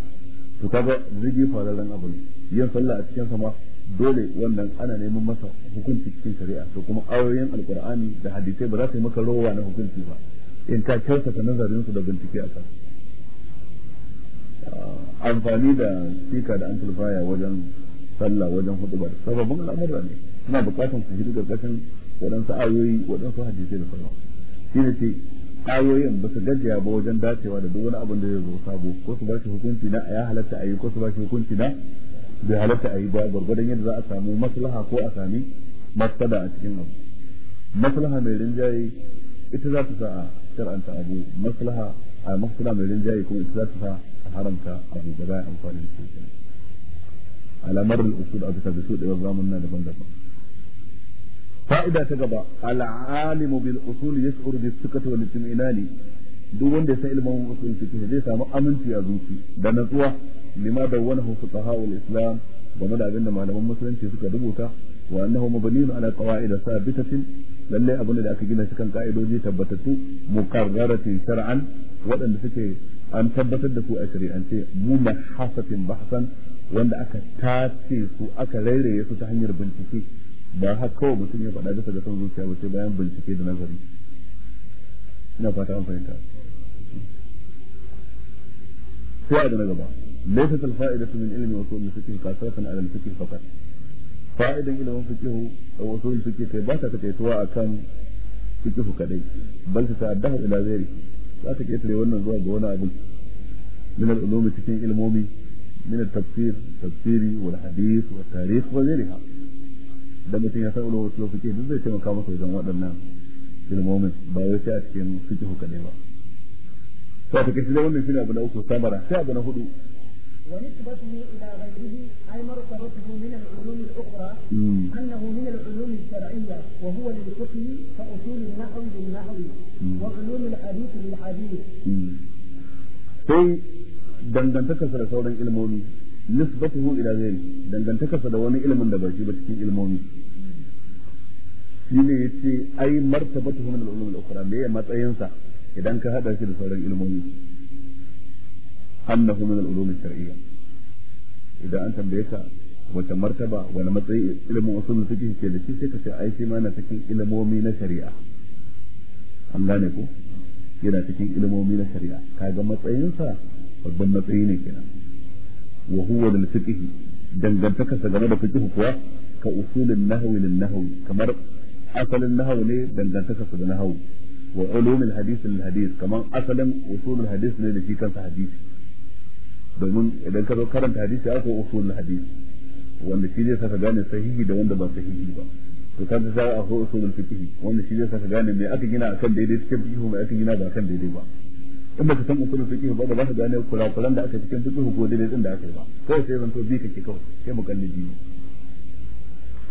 to kaga jirgi fararen abu ne yin sallah a cikin sama dole wannan ana neman masa hukunci cikin shari'a to kuma ayoyin alkur'ani da hadisai ba za su yi maka rowa na hukunci ba in ka kyautata nazarin su da bincike a kan ah, amfani da sika da amplifier wajen sallah wajen hudubar sababbin al'amura ne suna bukatan su shiga karkashin waɗansu ayoyi waɗansu hadisai da sauran shi ne ce ayoyin ba su gajiya ba wajen dacewa da duk wani abin da zai zo sabo ko su ba shi hukunci na ya halatta a yi ko su ba shi hukunci na bai halatta a yi ba gwargwadon yadda za a samu maslaha ko a sami mastada a cikin abu maslaha mai rinjaye ita za ta sa a shar'anta abu maslaha a maslaha mai rinjaye kuma ita za ta sa a haramta abu da bayan amfani da shi alamar usul a bisa da su da zamun na daban-daban fa'ida ta gaba al'alimu bil usul yash'uru bis sukati wal istimilali duk wanda ya san ilimin usul fiqh zai samu aminci a zuci da natsuwa lima dawwanahu fuqaha'ul islam game da abinda malaman musulunci suka rubuta wa annahu mabniun ala qawaid sabitatin lalle abin da aka gina shi kan ka'idoji tabbatattu mukarrarati shar'an waɗanda suke an tabbatar da su a shari'ance muna hasatin bahsan wanda aka tace su aka rairaye su ta hanyar bincike ba har kawai mutum ya faɗa bisa ga son zuciya ba sai bayan bincike da nazari ina fata da fahimta sai a na gaba ليست الفائدة من علم أصول الفقه قاصرة على الفقه فقط فائدة إلى فقه أو أصول الفقه كي باتا كتيتوا أكام فقه كدي بل تتعداه إلى غيره ذاك يتري وانا زوا بوانا أبو من العلوم تكين علمومي من التفسير التفسيري والحديث والتاريخ وغيرها da mutum ya san ulumar usul fiqh duk zai taimaka masa wajen waɗannan ilmomin ba wai sai a cikin fiqh kadai ba to a take shi wannan shine abu na uku samara sai abu na hudu ونسبته إلى غيره أي مرتبته من العلوم الأخرى أنه من العلوم الشرعية وهو للفقه كأصول النحو بالنحو وعلوم الحديث بالحديث. sai dangantakarsa da sauran ilmomi nisbatuhu ila ghairi dangantakarsa da wani ilimin da ba shi ba cikin ilmomi shine yace ai martaba min al-ulum al-ukhra me matsayinsa idan ka hada shi da sauran ilmomi annahu min al-ulum al idan an tambaye ka wace martaba wani matsayi ilimin usul fiqh ke da shi sai ka ce ai shi ma na cikin ilimomi na shari'a an gane ko yana cikin ilimomi na shari'a kaga matsayinsa babban matsayi ne kenan wa huwa lil fiqh game da fiqh kuwa ka usulin nahwi lil nahwi kamar asalin nahwi ne dangantaka sa da nahwi wa ulumul hadith kamar asalin usulul hadith ne da shi hadisi domin idan ka zo karanta hadisi aka usul hadisi wanda shi zai saka gane sahihi da wanda ba sahihi ba to kan za a ko usul fiqh wanda shi zai saka gane me aka gina akan daidai cikin fiqh me aka gina ba akan daidai ba in ba ka san usul fiqh ba da ba ka gane kurakuran da aka cikin fiqh ko daidai din da aka yi ba kai sai zan to bi kake kawai sai mukallidi ne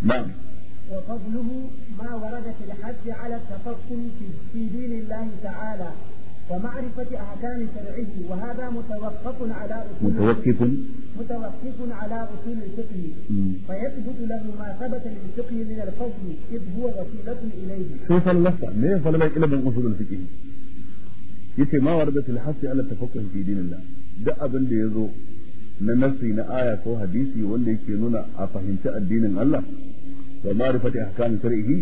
na'am وفضله ما ورد في الحج على التفقه في دين الله تعالى ومعرفة أحكام شرعه وهذا متوقف على متوقف متوقف على أصول الفقه فيثبت له ما ثبت للفقه من الفضل إذ هو وسيلة إليه شوف اللفظ ما فلما إلى من أصول الفقه yace ma warda fil hasi ala tafaqquh fi dinillah duk abin da yazo na nasi na aya ko hadisi wanda yake nuna a fahimci addinin Allah wa ma'rifati ahkam shar'ihi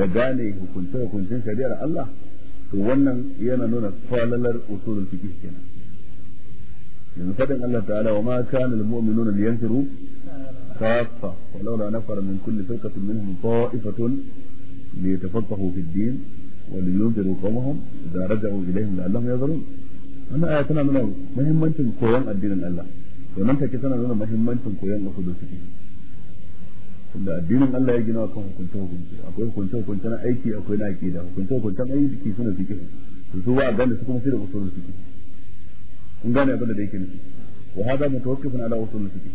da gane hukunce hukuncin shari'ar Allah to wannan yana nuna falalar usulul fiqh kenan yanzu fadin Allah ta'ala wa ma kana lil mu'minuna liyanfiru kaffa la nafara min kulli firqatin minhum ta'ifatun liyatafaqahu fid din wa liyunziru qawmahum idha raja'u ilayhim la'allahum yadhurun wannan aya tana nuna muhimmancin koyon addinin Allah to nan take tana nuna muhimmancin koyon usulul fiqh tunda addinin Allah ya gina kan hukunce hukunce akwai hukunce hukunce na aiki akwai na aqida hukunce hukunce na aiki suna fiqh su su ba gane su kuma sai da usulul fiqh kun gane abin da yake nufi wa hada mutawakkifun ala usulun fiqh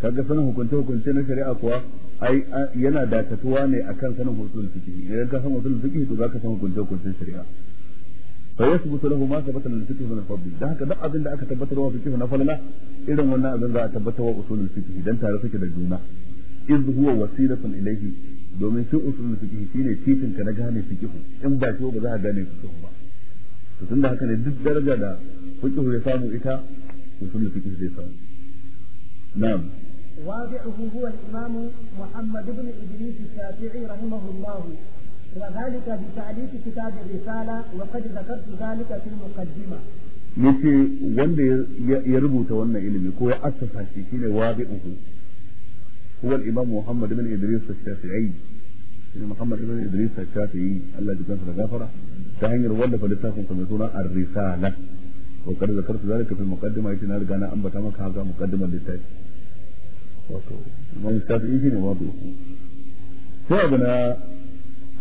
kaga sanin hukunce hukunce na shari'a kuwa ai yana dakatuwa ne akan sanin usulul fiqh idan ka san usulul fiqh to zaka san hukunce hukuncen shari'a fa yasbutu lahu ma sabata lil fiqh min fadl dan haka duk abin da aka tabbatar wa fiqh na falala irin wannan abin za a tabbatar wa usulul fiqh dan tare suke da juna iz huwa wasilatun ilayhi domin sun usulul fiqh shine titin ka na gane fiqh in ba shi ba za ka gane fiqh ba to tunda haka ne duk daraja da fiqh ya samu ita usulul fiqh zai samu na'am واضعه هو الإمام محمد بن إدريس الشافعي رحمه الله وذلك بتعليق كتاب الرسالة وقد ذكرت ذلك في المقدمة yace wanda ya rubuta wannan ilimi ko ya assasa shi shine هو الإمام محمد بن إدريس الشافعي إن محمد بن إدريس الشافعي الله يجب أن تغفره تهين الوالد فلتاكم قمتونا الرسالة وقد ذكرت ذلك في المقدمة إذن أرجع أنا أم بتامك هذا مقدمة لتاك الإمام الشافعي فيني واضح فأبنا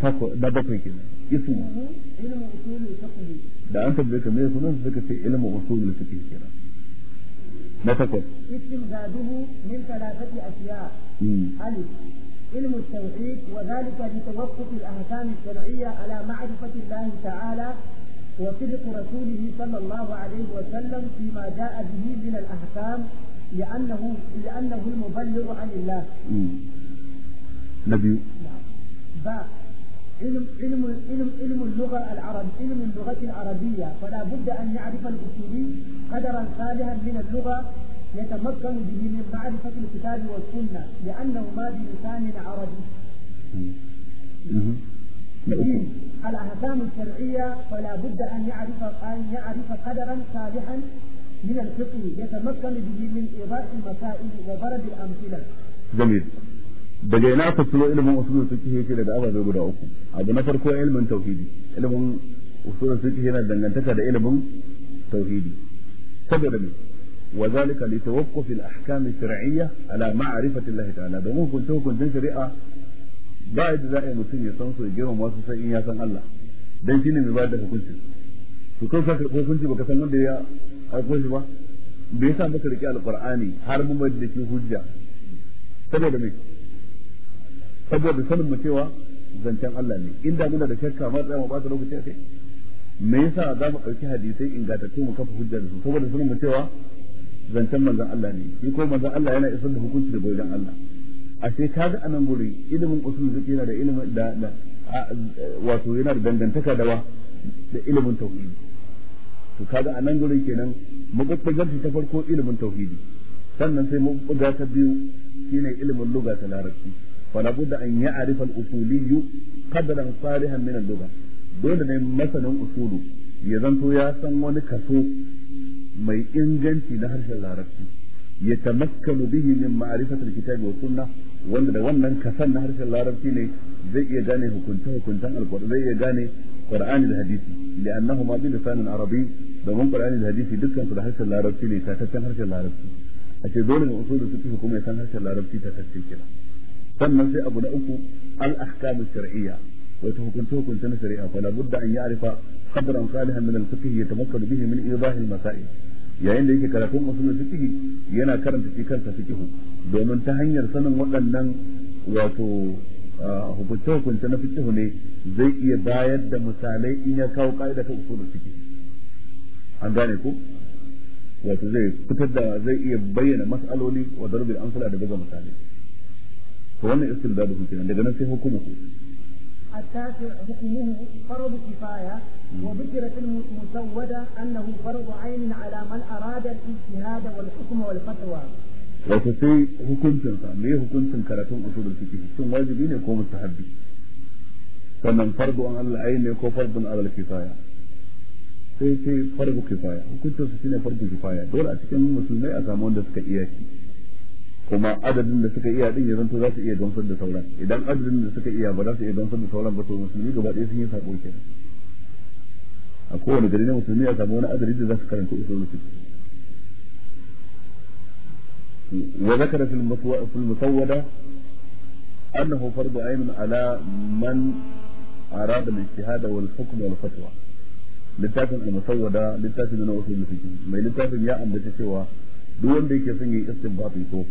تقو ده بقي كده اسمه علم اصول الفقه ده انت بيك ما يكونش بيك في علم اصول الفقه كده na takwas. Ikin zaduhu min talatati asiya. Hmm. Alif. tauhid wa zalika bi tawaffuqi al-ahkam ala ma'rifati ta'ala wa sidq rasulihi sallallahu alayhi wa sallam fi ma ja'a علم علم علم علم اللغه العربية علم اللغه العربيه فلا بد ان يعرف الاصولي قدرا صالحا من اللغه يتمكن به من معرفه الكتاب والسنه لانه ما بلسان عربي. الاحكام الشرعيه فلا بد ان يعرف ان يعرف قدرا صالحا من الفقه يتمكن به من ايضاح المسائل وضرب الامثله. جميل. daga ina ka ciro ilimin usulul fiqh yake daga ababe guda uku abu na farko ilimin tauhidi ilimin usulul fiqh yana dangantaka da ilimin tauhidi saboda me wa zalika li tawaqquf al ahkam al shar'iyya ala ma'rifati Allah ta'ala domin hukunta hukuncin shari'a ba yadda za a yi mutum ya san su ya girma wasu sai in ya san Allah dan shine mai bayar da hukunci to kai ka karɓi hukunci baka san wanda ya aiko shi ba bai sa maka rike alqur'ani har mu mai da shi hujja saboda me saboda sanin mu cewa zancen Allah ne inda muna da shakka ma tsaya mu ba ta lokaci a kai me yasa za mu ɗauki hadisai ingantattu mu kafa hujjar su saboda sanin mu cewa zancen manzon Allah ne shi ko manzon Allah yana isar da hukunci da wajen Allah ashe kaga anan guri ilimin usul zaki yana da ilimin da da wato yana da dangantaka da wa da ilimin tauhidi to kaga anan guri kenan mabubbugar shi ta farko ilimin tauhidi sannan sai mu buga ta biyu shine ilimin lugha ta larabci fala budda an ya'rifa al-usuliyyu qadran salihan min al-lugha dole ne masanin usulu ya zanto ya san wani kaso mai inganci na harshen larabci ya tamakkanu bihi min ma'rifati al-kitabi wa sunnah wanda da wannan kasan na harshen larabci ne zai iya gane hukunta hukuntan alqur'ani zai iya gane qur'ani da hadisi li'annahuma bi lisanin arabi domin qur'ani da hadisi dukkan su da harshen larabci ne ta tataccen harshen larabci a ce dole ne usulul fiqh kuma ya san harshen larabci ta tataccen kenan sannan sai abu na uku al ahkamu shar'iyya wato hukunce hukunce na shari'a fa la budda an ya'rifa qadran salihan min al fiqh yatamakkanu bihi min idah al masail yayin da yake karatun usulul fiqh yana karanta shi kansa fiqh domin ta hanyar sanin waɗannan wato ah, hukunta-hukunta na fiqh ne zai iya bayar da misalai in ya kawo ka'ida ta usulul fiqh an gane ku wato zai fitar da zai iya bayyana mas'aloli wa darbil amsala da buga misalai to wannan istindadun kenan daga nan sai hukumu التاسع حكمه فرض كفاية وذكر في المسودة أنه فرض عين على من أراد الاجتهاد والحكم والفتوى wato sai hukuncin sa me hukuncin karatun usulul fiqh sun wajibi ne ko mustahabbi sannan fardu an Allah ayi ne ko kifaya sai sai fardu kifaya hukuncin su shine fardu kifaya dole a cikin musulmai a samu da suka iyaki. kuma adadin da suka iya din ya zanto za su iya gamsar da sauran idan adadin da suka iya ba za su iya gamsar da sauran ba to musulmi gaba ɗaya sun yi sako ke. a kowane gari na musulmi a samu wani adadi da za su karanta usulul fiqh وذكر في في المسودة ala man عين على من wal الاجتهاد wal fatwa littafin al-musawwada littafin na usul fiqh mai littafin ya ambaci cewa duk wanda yake son yi istinbabi to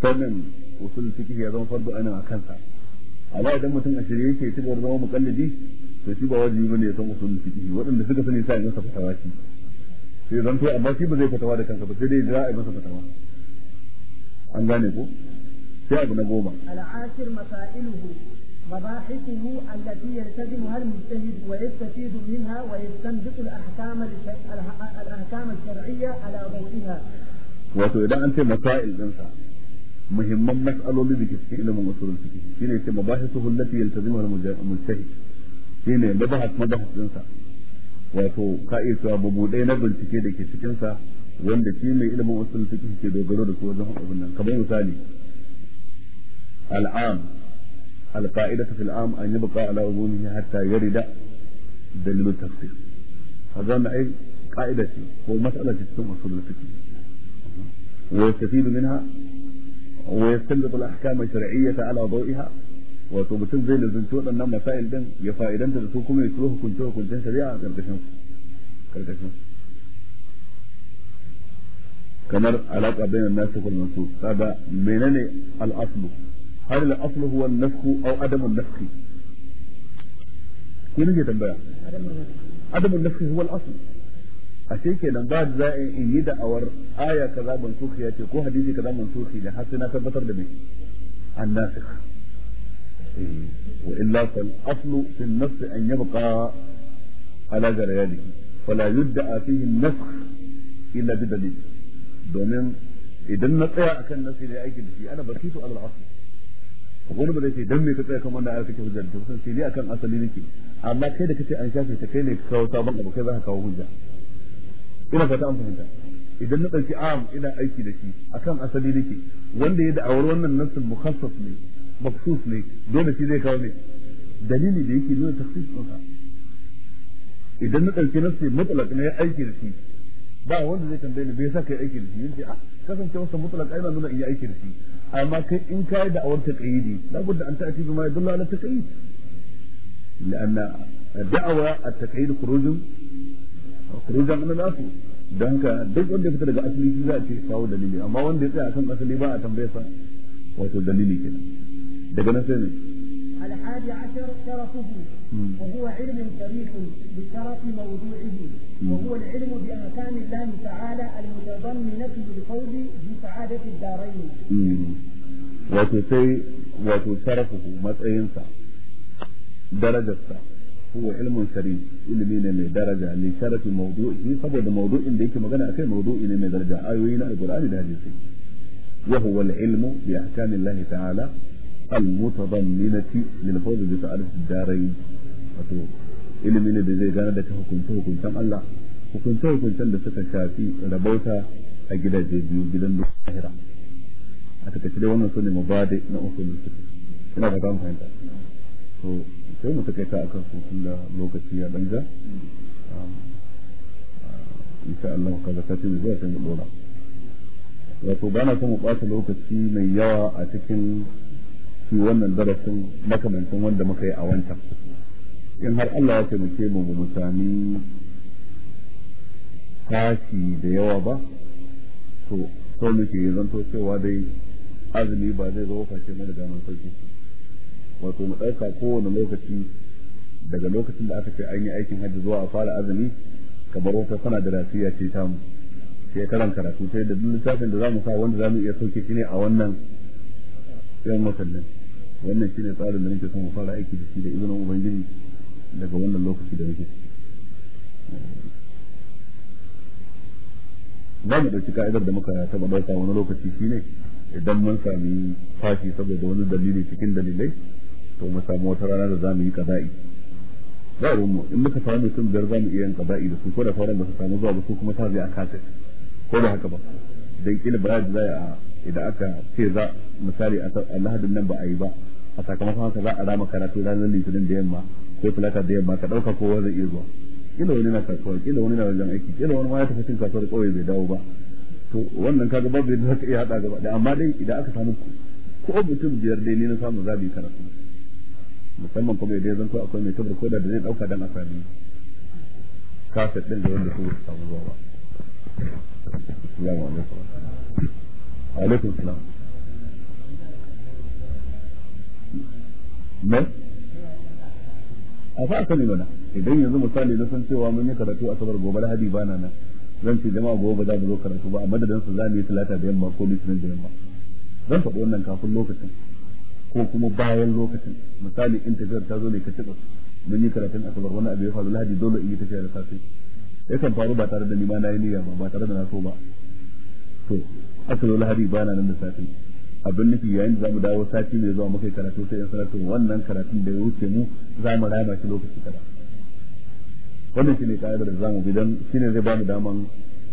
sanin usul ya zama fardu ana a kansa amma idan mutum a shirye yake ci gaba zama mukallidi to shi ba wajibi bane ya san usul fiqh waɗanda suka sani sai masa fatawa shi sai zan amma shi ba zai fatawa da kansa ba sai dai za a masa fatawa an gane ko sai abu na goma al'ashir masailuhu مباحثه التي يلتزمها المجتهد ويستفيد منها ويستنبط الاحكام الاحكام الشرعيه على ضوئها. وإذا أنت مسائل ننسى muhimman mas'aloli da ke cikin ilimin usulul fiqh shine yace mabahithu allati yaltazimuha al-mujtahid shine mabahas mabahas dinsa wato ka iya cewa mabudai na bincike da ke cikin sa wanda shi mai ilimin usulul fiqh ke dogaro da su wajen abin nan kamar misali al'am القاعدة في العام أن يبقى على عمومه حتى يرد دليل التفسير هذا ما أي قاعدة هو مسألة جسم أصول الفكر ويستفيد منها ويستنبط الاحكام الشرعيه على ضوئها wato mutum zai nazarci waɗannan masail din ya fa'idanta da su kuma ya turo hukunce hukuncen shari'a a karkashin karkashin kamar alaka bayan nasu wal mansub kaga menene al aslu hal al aslu huwa an nafsu aw adam an nafsi ko ne tambaya adam an nafsi huwa al aslu ashe kenan ba da za in yi da'awar aya kaza mansukhi ya ce ko hadisi kaza mansukhi da har sai na tabbatar da me annasikh wa illa fal aslu fi an-nass an yabqa ala jarayanihi fala yudda'a fihi an-nasikh illa bi dalil domin idan na tsaya akan nasi da aiki da shi ana basitu ala al-asl wani ba zai ce dan me ka tsaya kan wannan ayar kike hujja da ta sai ni akan asali nake amma kai da kace an shafe ta kai ne ka kawo sabon abu kai za ka kawo hujja ina fata an fahimta idan na ɗauki am ina aiki da shi akan asali nake wanda ya da'awar wannan nassin mukhassas ne maksus ne dole shi zai kawo ne dalili da yake nuna taksis ɗinsa idan na ɗauki nassi mutlaq na ya aiki da shi ba wanda zai tambaye ni bai sa kai aiki da shi yace a ah, kasance masa mutlaq ai na nuna in yi aiki da shi amma kai in kai da awar taqyidi labudda an ta'ti bima yadullu ala taqyid لأن الدعوة التقييد خروج khurujan min na asl don ka duk wanda ya fita daga asali shi za a ce kawo dalili amma wanda ya tsaya kan asali ba a tambaye sa wato dalili kenan daga nan sai ne الحادي عشر شرفه وهو علم صريح بشرف موضوعه وهو العلم بأركان الله تعالى المتضمنة بالقول بسعادة الدارين. وتسي وتشرفه متأينسا درجة سعادة. huwa ilmun sari ilimi ne mai daraja li sharafi mawdu'i saboda da yake magana akai mawdu'i ne mai daraja ayoyi na alqur'ani da hadisi wa huwa al-ilmu bi ahkami Allah ta'ala al-mutadamminati lil fawz bi ta'aruf ad wato ilimi ne da zai gane da hukunce hukuncen Allah hukunce hukuncen da suka shafi rabauta a gidaje biyu gidan lahira a wannan sai mu takaita kan su tunda lokaci ya ɗanja um, uh, insha Allah ka ta ce zai sai mu dora wato ba na mu ɓata lokaci mai yawa a cikin shi wannan darasin makamancin wanda muka yi a wancan in har Allah ya ce mu mu sami tashi da yawa ba to so muke zanto cewa dai azumi ba zai zo face mana da mun wato mu ɗauka kowane lokaci daga lokacin da aka ce an yi aikin hajji zuwa a fara azumi kamar wata sana da rafiya ce ta mu sai karan karatu sai da duk lissafin da za mu sa wanda za mu iya sauke shi ne a wannan yan watannin wannan shine tsarin da nake son mu fara aiki da shi da izinin ubangiji daga wannan lokaci da muke za mu ɗauki ka'idar da muka taɓa ɗauka wani lokaci shine idan mun sami fashi saboda wani dalili cikin dalilai to mu samu wata rana da zamu yi kaza'i ba mu in muka samu sun biyar zamu iya yin kaza'i da su ko da fara ba su samu zuwa ba su kuma ta zai a kasir ko da haka ba dan kila ba za a idan aka ce za misali a lahadin nan ba a yi ba a sakamakon haka za a rama karatu ranar litinin da yamma ko talata da yamma ka ɗauka kowa zai iya zuwa kila wani na kasuwa kila wani na wajen aiki kila wani ma ya tafi cin kasuwar ƙauye bai dawo ba to wannan kaga babu yadda zaka iya hada gaba da amma dai idan aka samu ko mutum biyar dai ne na samu zabi karatu musamman kuma idan zanto akwai mai tabar koda da zai dauka dan asali kafet din da wanda su samu zuwa ba assalamu alaikum alaikum a fa sani mana idan yanzu misali na san cewa mun yi karatu a sabar gobe lahadi ba na nan zan ce jama'a gobe ba za mu zo karatu ba a madadin su za mu yi talata da yamma ko litinin da yamma zan faɗi wannan kafin lokacin ko kuma bayan lokacin misali in tafiyar ta zo ne ka cika mun yi karatun asabar wani abu ya faru lahadi dole in yi tafiya da safe yakan faru ba tare da ni ma na yi niyya ba ba tare da na so ba to asabar lahadi ba na nan da safe abin nufi yayin da zamu dawo sati mai zuwa muka karatu sai in sanatu wannan karatun da ya wuce mu za mu rama shi lokaci kada wannan shine ka'idar da za mu bi dan shine zai ba mu daman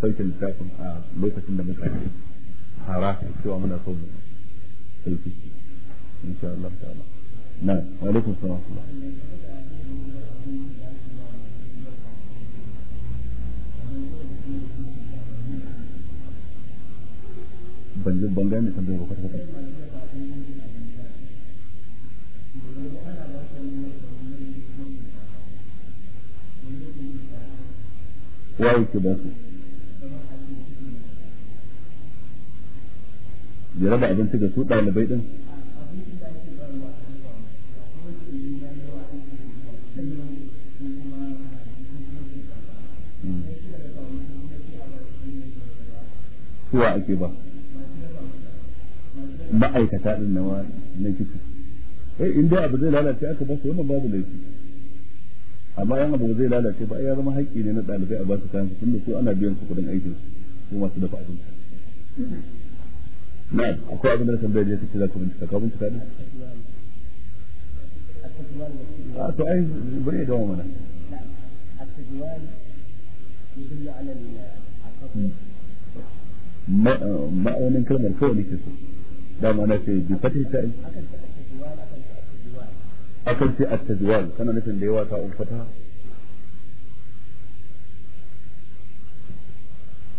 sauke littafin a lokacin da muka hara cewa muna so mu sauke إن شاء الله تعالى نعم وعليكم السلام ورحمة الله ban ji ban gane tambayar kwata kwata waye ke ba su ya raba abinci ga su ɗalibai ɗin suwa ake ba ma'aikata din na na kitu eh in dai abu zai lalace aka ba su wannan babu laifi amma yan abu zai lalace ba ya zama haƙƙi ne na ɗalibai a ba su kayan tunda su ana biyan su kuɗin aikin su ko masu dafa abinci na akwai abin da tambayar ne kace za ka bincika ka bincika din a to ai bari da mana التجوال يدل على التقوى ma'aunin kalmar kawai nake so da ma na ce bi fatih ta akan ce at-tajwal kana nufin da yawa ta umfata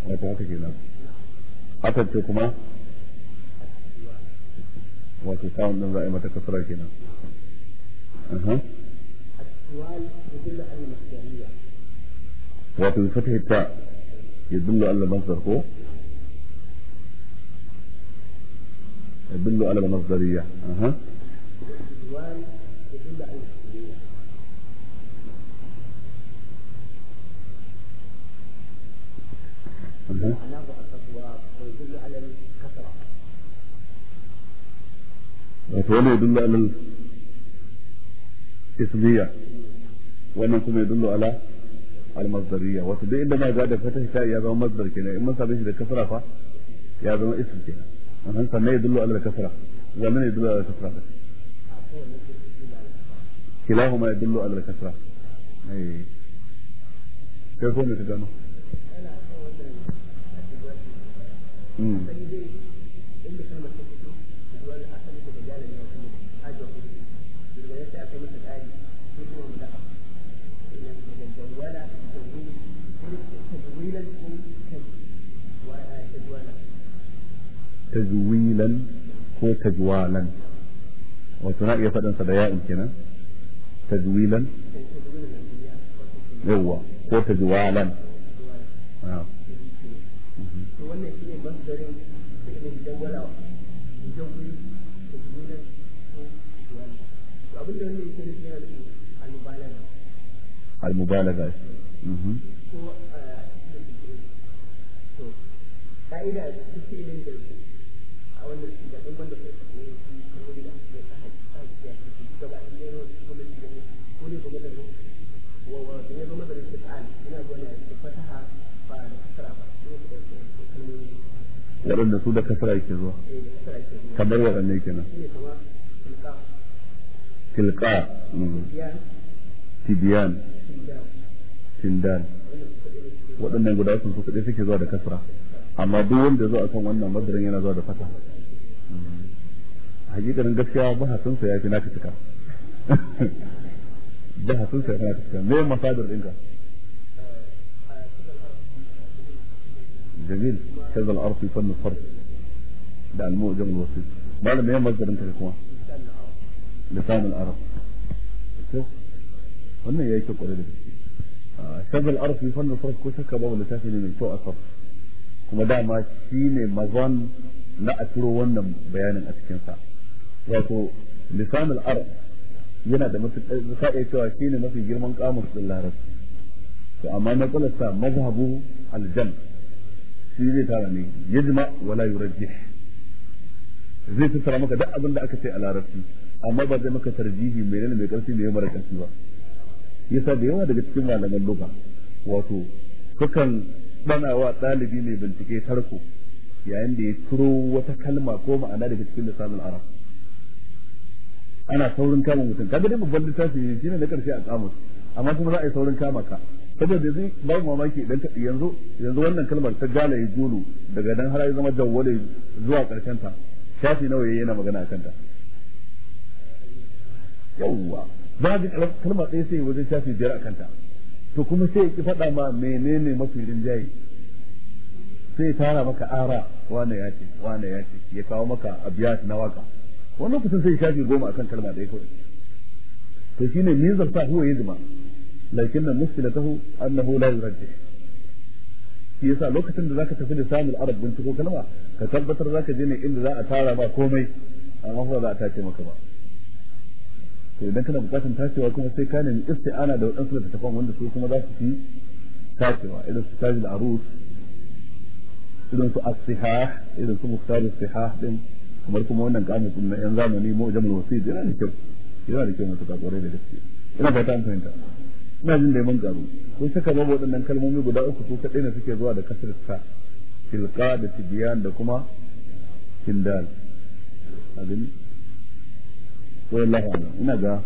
wato haka kenan akan ce kuma wato samun nan za a yi mata kasara kenan wato bi fatih ta yadullu Allah masdar ko يدل على المصدرية أها وكونه يدل على الاسمية ومنكم يدل على المصدرية وتدل إنما زاد فتح يا زمان مصدر كنا إما سابيش فا يا زمان اسم كنا فما يدل على الكثرة ومن يدل على الكثرة كلاهما يدل على الكثرة كيف هم يتجمع؟ tajwilan ko tajwalan wato na iya faɗinsa da ya'in kenan tajwilan yawwa ko tajwalan ah. wannan waɗanda su da kasara yake zuwa kamar waɗanne kenan tilka tibiyan tindan waɗannan guda sun su kaɗe suke zuwa da kasara amma duk wanda ya zo wannan madarin yana zuwa da fata hakikanin gaskiya ba bahasinsa ya fi naka cika ba [laughs] bahasinsa ya fi naka cika me masadar ɗinka جميل هذا العرف يسمى الفرد ده المؤجم الوسيط بعد ما يمزل انت الاخوان لسان العرب شوف قلنا يا ايكو قريبا آه، هذا العرف يسمى الفرد كوشك بابا لتاكي من سوء الفرد كما دا ما شيني مظن لا اترو ونم بيانا اتكنسا وكو لسان العرب yana da mutum sai ya cewa shine mafi girman kamus din larabci to amma na kullasa mazhabu aljannah shi zai tara ne yajma wala yurajjih zai maka duk abin da aka ce a larabci amma ba zai maka tarjihi mai nan mai karfi mai mara karfi ba yasa da yawa daga cikin malaman lugha wato sukan dana wa ɗalibi mai bincike tarko yayin da ya turo wata kalma ko ma'ana daga cikin lisanin arab ana saurin kama mutum kaga dai babban littafi shine na karshe a kamus amma kuma za a yi saurin kama ka saboda ba mu mamaki idan ta yanzu yanzu wannan kalmar ta gala ya gulu daga dan har ya zama dawwale zuwa karshen ta shafi nawa yayi yana magana akan ta yawwa ba ga kalmar ɗaya sai wajen shafi biyar akan ta to kuma sai ki faɗa ma menene mafi rinjaye sai tara maka ara wane ya ce wane ya ce ya kawo maka abiyat na waka Wannan kusan sai shafi goma akan kalma ɗaya kawai to shine mizar sa huwa yajma لكن مشكلته أنه لا يرجح shi yasa lokacin da zaka tafi lisanul arab binciko kalma ka tabbatar zaka je ne inda za a tara ba komai amma ba za a tace maka ba to idan kana bukatun tacewa kuma sai ka nemi isti'ana da wadansu da tafan wanda su kuma za su fi tacewa irin su tajil arus irin su as-sihah irin su muhtar as-sihah din kamar kuma wannan kamus din na yan zamani mu'jamul wasid yana da kyau yana da kyau mutuka kwarai da gaske ina fata an fahimta ina jin da mun garu ko saka babu waɗannan kalmomi guda uku su kaɗai ne suke zuwa da kasar ta Tilka da tibiyan da kuma tindal abin wallahi ina ga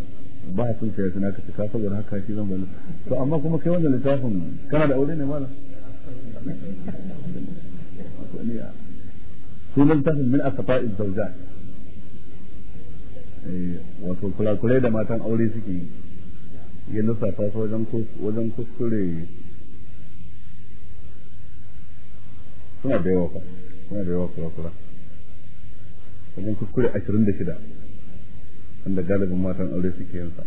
ba sun sai suna ka cika saboda haka shi zan bani to amma kuma kai wannan littafin kana da aure ne mana. sunan tafin min asfa'iz zawjat eh, wato kulakulai da matan aure suke yi ya lissafa su wajen kuskure suna da yawa suna da yawa kura-kura wajen kuskure 26 da wanda galibin matan aure suke yin sa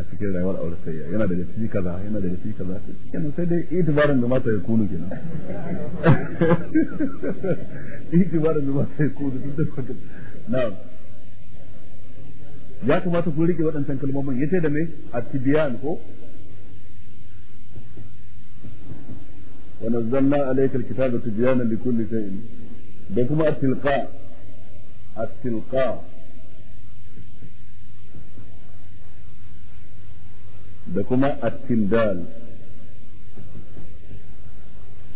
a cikin rayuwar aure sayya yana daga ciki kaza yana daga ciki kaza cikin sai dai itibarin da mata ya kunu kenan [laughs] itibarin da mata ya kunu duk da kwatar na'am ya kamata ku rike waɗancan kalmomin ya ce da me a tibiyan ko Wani zanna wa kita alayka tibiyan da tibyana ta yi da kuma a tilka. A tilka. da kuma a tindal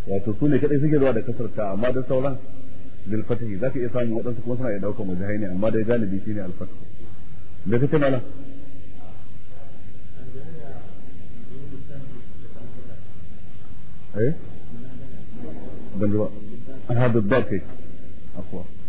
wato su ne kadai suke zuwa da kasarta amma da sauran bil za ka iya samun waɗansu kuma suna iya daukar mujahini amma dai gane bishi ne alfatihi بكتب على ايه ده هذا الضرب اقوى